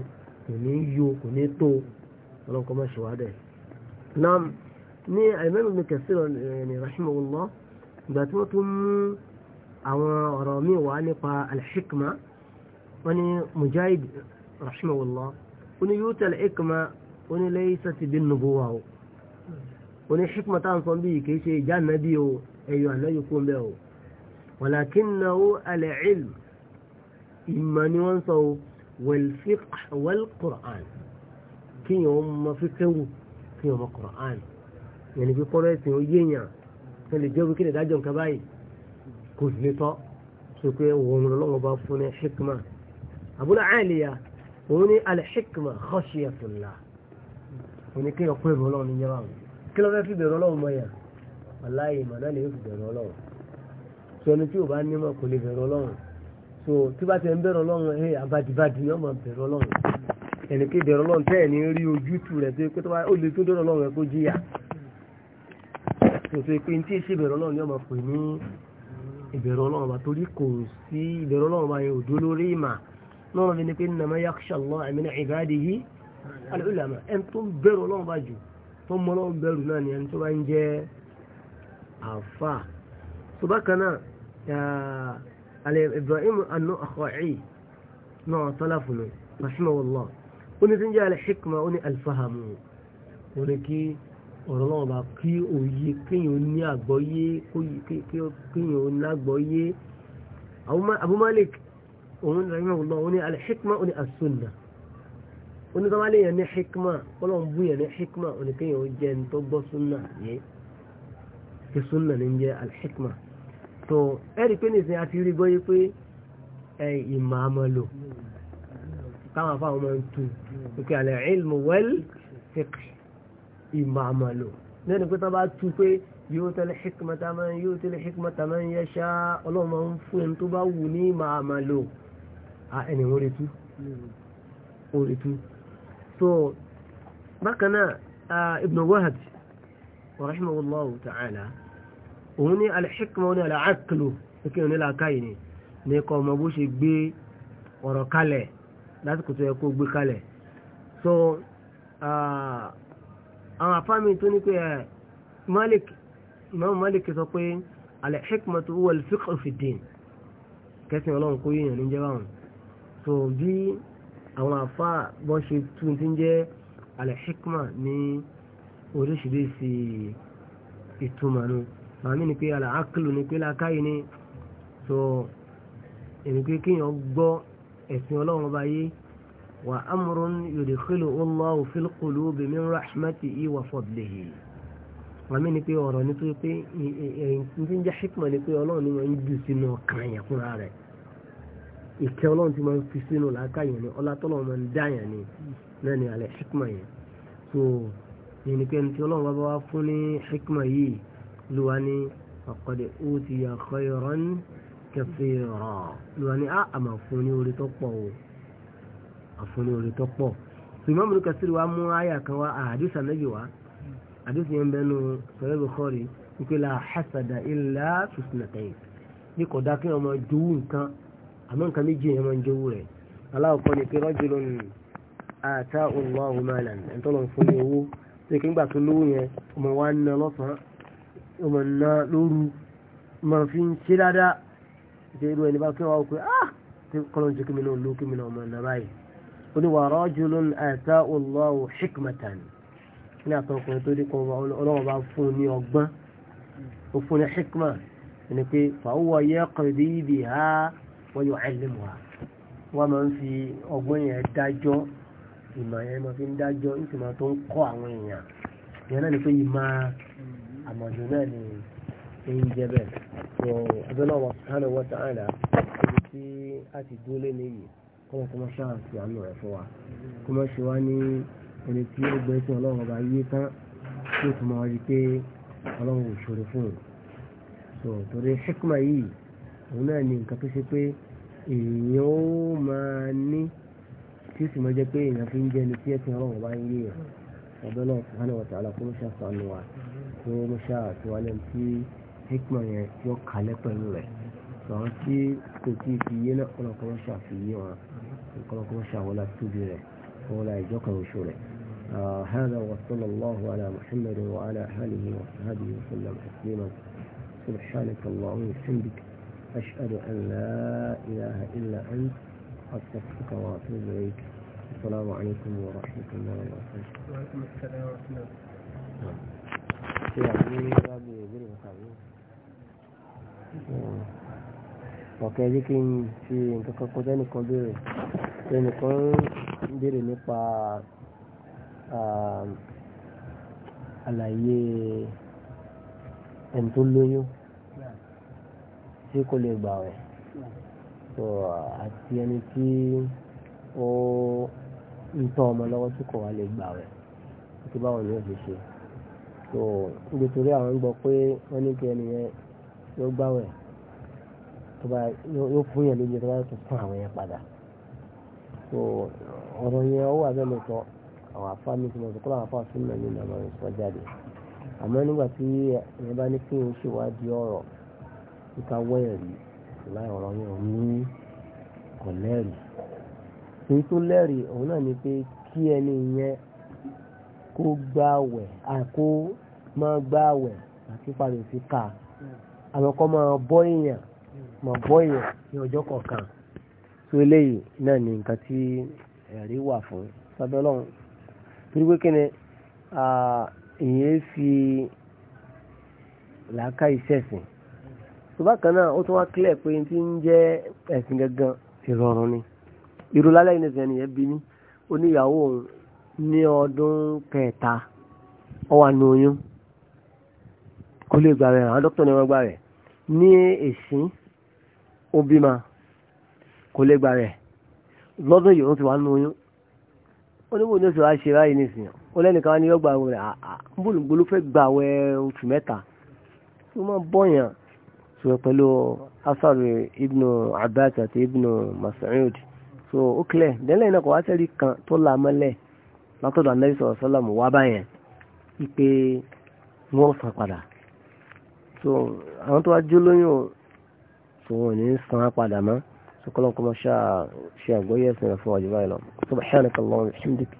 kò ní yó kò ní tó ọlọ́run kọ́ ṣe wà dẹ̀. náà ní àìmẹ́nu mi kẹ̀sí rọ̀ ní rahimahullah ìgbà tí wọ́n tún mú àwọn ọ̀rọ̀ mi wá nípa alhikma wọ́n ní mujahid rahimahullah oní yóò tẹ̀lé ìkìmá oní lẹ́yìn sátidé nùgbò wa o oní ṣíkìmá tá à ń sọ bí kì í ṣe ìjà nàbí o ẹ̀yọ ànáyọ kó bẹ́ẹ̀ o wàlàkínnáwó alẹ́ ìlú ìmọ̀ ni wọ́n sọ o wẹ̀lfíkà wẹ̀lkùrán kí yẹn wọ́n mọ fíkẹ́wù kí yẹn mọ kùrán yẹn ni kíkọ́ rẹ̀ sìn ó yéèyàn kí lè jẹ́ kí lè dájọ́ nǹkan báyìí kò sì lè tọ́ sọ pé wọ́n lọ́wọ́ òun ní alhikma khashiyatullah òun ní kéèyàn pẹ̀lú ọlọ́run ní yẹ́wà wọn kí ló fẹ́ fi bẹ̀rù ọlọ́run mọ́yà aláì màná lè fi bẹ̀rù ọlọ́run tí ẹni tí ò bá ní mọ̀ kò lè bẹ̀rù ọlọ́run so tí bá ti ń bẹ̀rù ọlọ́run ẹ abadibadi yọ máa bẹ̀rù ọlọ́run ẹni kí bẹ̀rù ọlọ́run tẹ́ ẹ̀ ní rí ojútùú rẹ̀ tó pé ó lè tó lọ́wọ́ fi ni pé nàmá yakhsha Allah min ibadihi al-ulama ẹni tó bẹ̀rù ọlọ́run bá jù tó mọ ọlọ́run bẹ̀rù náà ni ẹni tó bá ń jẹ́ àfà tó bá kan náà alẹ́ Ibrahim an-Nakha'i náà salafu nù rahimahullah ó ní tí ń jẹ́ ó ní al ó ní kí ọ̀rọ̀ náà bá kí òye kíyàn ní àgbọ́yé kíyàn ní àgbọ́yé Abu òun rahimahullah òun ni alhikma òun ni asunna òun ni tó bá lè yàn ní hikma ọlọ́run bú yàn ní hikma òun ni kéèyàn ó jẹ́ ní tó gbọ́ sunna yé kí sunna ní jẹ́ alhikma tó ẹ̀rí pé nìsín àti rí gbọ́ yé pé ẹ̀ ìmọ̀ àmọ́ lò káwọn afáwọn máa ń tu òkè àlẹ́ ilmu wal fiqh ìmọ̀ àmọ́ lò lẹ́nu pé tó tu pé yóòtẹ́ lè hikmata man yóòtẹ́ lè hikmata man yasha ọlọ́run máa ń fún ẹni tó bá wù ní ìmọ̀ àmọ́ Ah, ẹni wọ́n retú wọ́n retú so bákan náà ibn wahab rahimahullahu ta'ala òun ní alhikma ní al'aqlu kíkẹ́ ní làákàyè ni ní kọ́ ọmọ bó ṣe gbé ọ̀rọ̀ kalẹ̀ lásìkò tó yẹ kó gbé kalẹ̀ so àwọn afámi tó ní pé malik imam malik sọ pé alhikma tó wọ́n fi kọ́ fi dín kẹsìn ọlọ́run kó yíyan ní jẹ́ báwọn so bí àwọn àfa bọ́ ṣe tún ti ń jẹ́ alẹ́ṣíkmà ní oríṣiríṣi ìtumọ̀ nù màmí ni pé àlàákìlù ni pé làákàyè ni so ẹni pé kéèyàn gbọ́ ẹ̀sìn ọlọ́run ọba yé wà amúrún yòdìkìlù Allahu fil qulubi min rahmatihi wa fadlihi màmí ni pé ọ̀rọ̀ ni pé ẹ̀yìn tí ń jẹ́ ṣíkmà ni pé ọlọ́run ni wọ́n ń jù sínú ọkàn yẹn fúnra rẹ̀ ìkẹ́ ọlọ́run ti máa ń fi sínú làákà yẹn ni ọlá tọ́lọ́run máa ń dá yẹn ni náà ni alẹ́ hikma yẹn so yẹn ni pé ẹni tí ọlọ́run bá bá wá fún ní hikma yìí ló wá ní ọ̀kọ́dẹ̀ ó ti yà khayran kathira ló wá ní ah, á àmà fún ní orí tó pọ̀ o àfún ní orí tó pọ̀ so Imam Ibn Kathir wa mú àyà kan wá àdìsá méjì wá àdìsá yẹn bẹnu sọ̀rọ̀ Bukhari àmọ́ nǹkan méjì yẹn máa ń jówó rẹ̀ aláwọ̀kọ́ ni pé rajulun ataahu Allahu malan ẹni tó lọ fún ní owó tó kí nígbà tó lówó yẹn ọmọ wa ń na lọ́sàn-án ọmọ ná lóru ọmọ fi ń ṣe dáadáa ṣe irú ẹni bá kí wọ́n wá pé ah tí kọ́lọ́n jẹ́ kí mi náà ló kí mi náà ọmọ náà báyìí ó ní wa rajulun ataahu Allahu hikmatan ní àtọkùnrin tó dé kọ́ wọ́n yóò ẹ̀lẹ́ mọ́ a wọ́n máa ń fi ọgbọ́n yẹn dájọ́ ìmọ̀ yẹn máa fi ń dájọ́ ní tìmọ̀ tó ń kọ́ àwọn èèyàn ìyẹn náà ni pé ìmọ̀ àmọ̀dún náà ni ń jẹ́ bẹ́ẹ̀ tó abẹ́lẹ́ wọn sáré wọ́n tán àdá ibi tí a ti dúró lé léyìí kọ́mọ kọ́mọ ṣáà sí àánú rẹ̀ fún wa kọ́mọ ṣe wá ní ẹni tí ó gbé sí ọlọ́run ọba yé tán tó tún máa rí òun náà ni nǹkan tó ṣe pé èèyàn ó máa ní tí ó sì máa jẹ́ pé èèyàn fi ń jẹ́ ẹni tí ẹ ti rán ọ̀wá ń yé èèyàn ọ̀dọ́ náà subhanahu wa ta'ala kó ló ṣàfihàn wa kó ló ṣàtúwálẹ̀ tí hikman yẹn tí ó kalẹ̀ pẹ̀lú rẹ̀ sọ̀rọ̀ tí kò tí fi yé náà kọ́lọ́kọ́ ló ṣàfihàn wọn kọ́lọ́kọ́ ló ṣàwọlá tóbi rẹ̀ kọ́lá ìjọkan oṣù rẹ̀. هذا وصلى الله على محمد وعلى آله وصحبه وسلم تسليما سبحانك اللهم وبحمدك أشهد أن لا إله إلا أنت أستغفرك وأتوب إليك السلام عليكم ورحمة الله وبركاته. وعليكم السلام ورحمة الله. ọ̀kẹ́ jẹ́ kí n fi nǹkan kan kọjá nìkan béèrè ẹnìkan ń béèrè nípa àlàyé ẹni tó lóyún tí kò lè gbà rẹ̀ so àti ẹni tí ó ń tọ́ ọmọ lọ́wọ́ tí kò wá lè gbà rẹ̀ tí báwọn ni ó fi ṣe so nítorí àwọn ń gbọ́ pé wọ́n ní kí ẹni yẹn yóò gbà rẹ̀ tó bá yóò fún yẹn lóye tó bá tún fún àwọn yẹn padà so ọ̀rọ̀ yẹn ó wà bẹ́ẹ̀ lóòótọ́ àwọn afá mi ti mọ̀ sọ́kọ́ àwọn afá sínú ẹ̀mí ìlànà ìsọjáde àmọ́ nígbà tí ẹ bá ní kí n ṣèwádìí ọ̀rọ̀ kíka wẹ́ẹ̀rí láì ọ̀rọ̀ yẹn ní kọ̀lẹ́ẹ̀rì èyí tó lẹ́rì òun náà ni pé kí ẹni yẹn kó gbàwẹ̀ àkó máa gbàwẹ̀ àti parí sí ká àwọn kan máa bọ́ èèyàn máa bọ́ èèyàn ní ọjọ́ kọ̀ọ̀kan tó eléyìí náà ni nǹkan tí ẹ̀rí wà fún sábẹ́ ọlọ́run torí pé kíni èèyàn fi làákà iṣẹ́ sìn ṣùgbọ́n kan náà ó tún wá clear pé n ti ń jẹ́ ẹ̀sìn gangan ìrọ̀rùn ni ìrọ̀lálẹ́ yìí nìkan nìyẹn bí ní oníyàwó òun ní ọdún kẹta ó wà ní oyún kó lè gbà rẹ̀ àwọn dókítà ní wọ́n gbà rẹ̀ ní èsín ó bímọ kó lè gbà rẹ̀ lọ́dún yìí ó ti wà ní oyún ó ní oṣù wa ṣe nìsín ó lẹ́nìkan ní yọ́gbà rẹ̀ àà ń gbà wẹ́ oṣù mẹ́ta tó máa bọ̀yàn so pẹ̀lú asaru ibnu abbas àti ibnu mas'ud so ó clear dẹ́lẹ̀ iná kò wá sẹ́rí kan tó la mọ́lẹ̀ látọ̀dọ̀ anabi sọ̀rọ̀ sọ́lámù wá báyẹn ipe wọ́n san padà so àwọn tó wá jó lóyún so wọn ní san padà mọ́ so kọ́lọ́kọ́ mọ́ ṣáà ṣe àgbóyè ẹ̀sìn rẹ̀ fún ọjọ́ báyìí lọ subhanaka allahumma wa bihamdik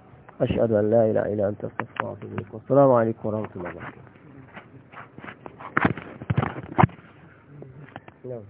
ashhadu an la ilaha illa anta astaghfiruka wa atubu ilayk assalamu 没有。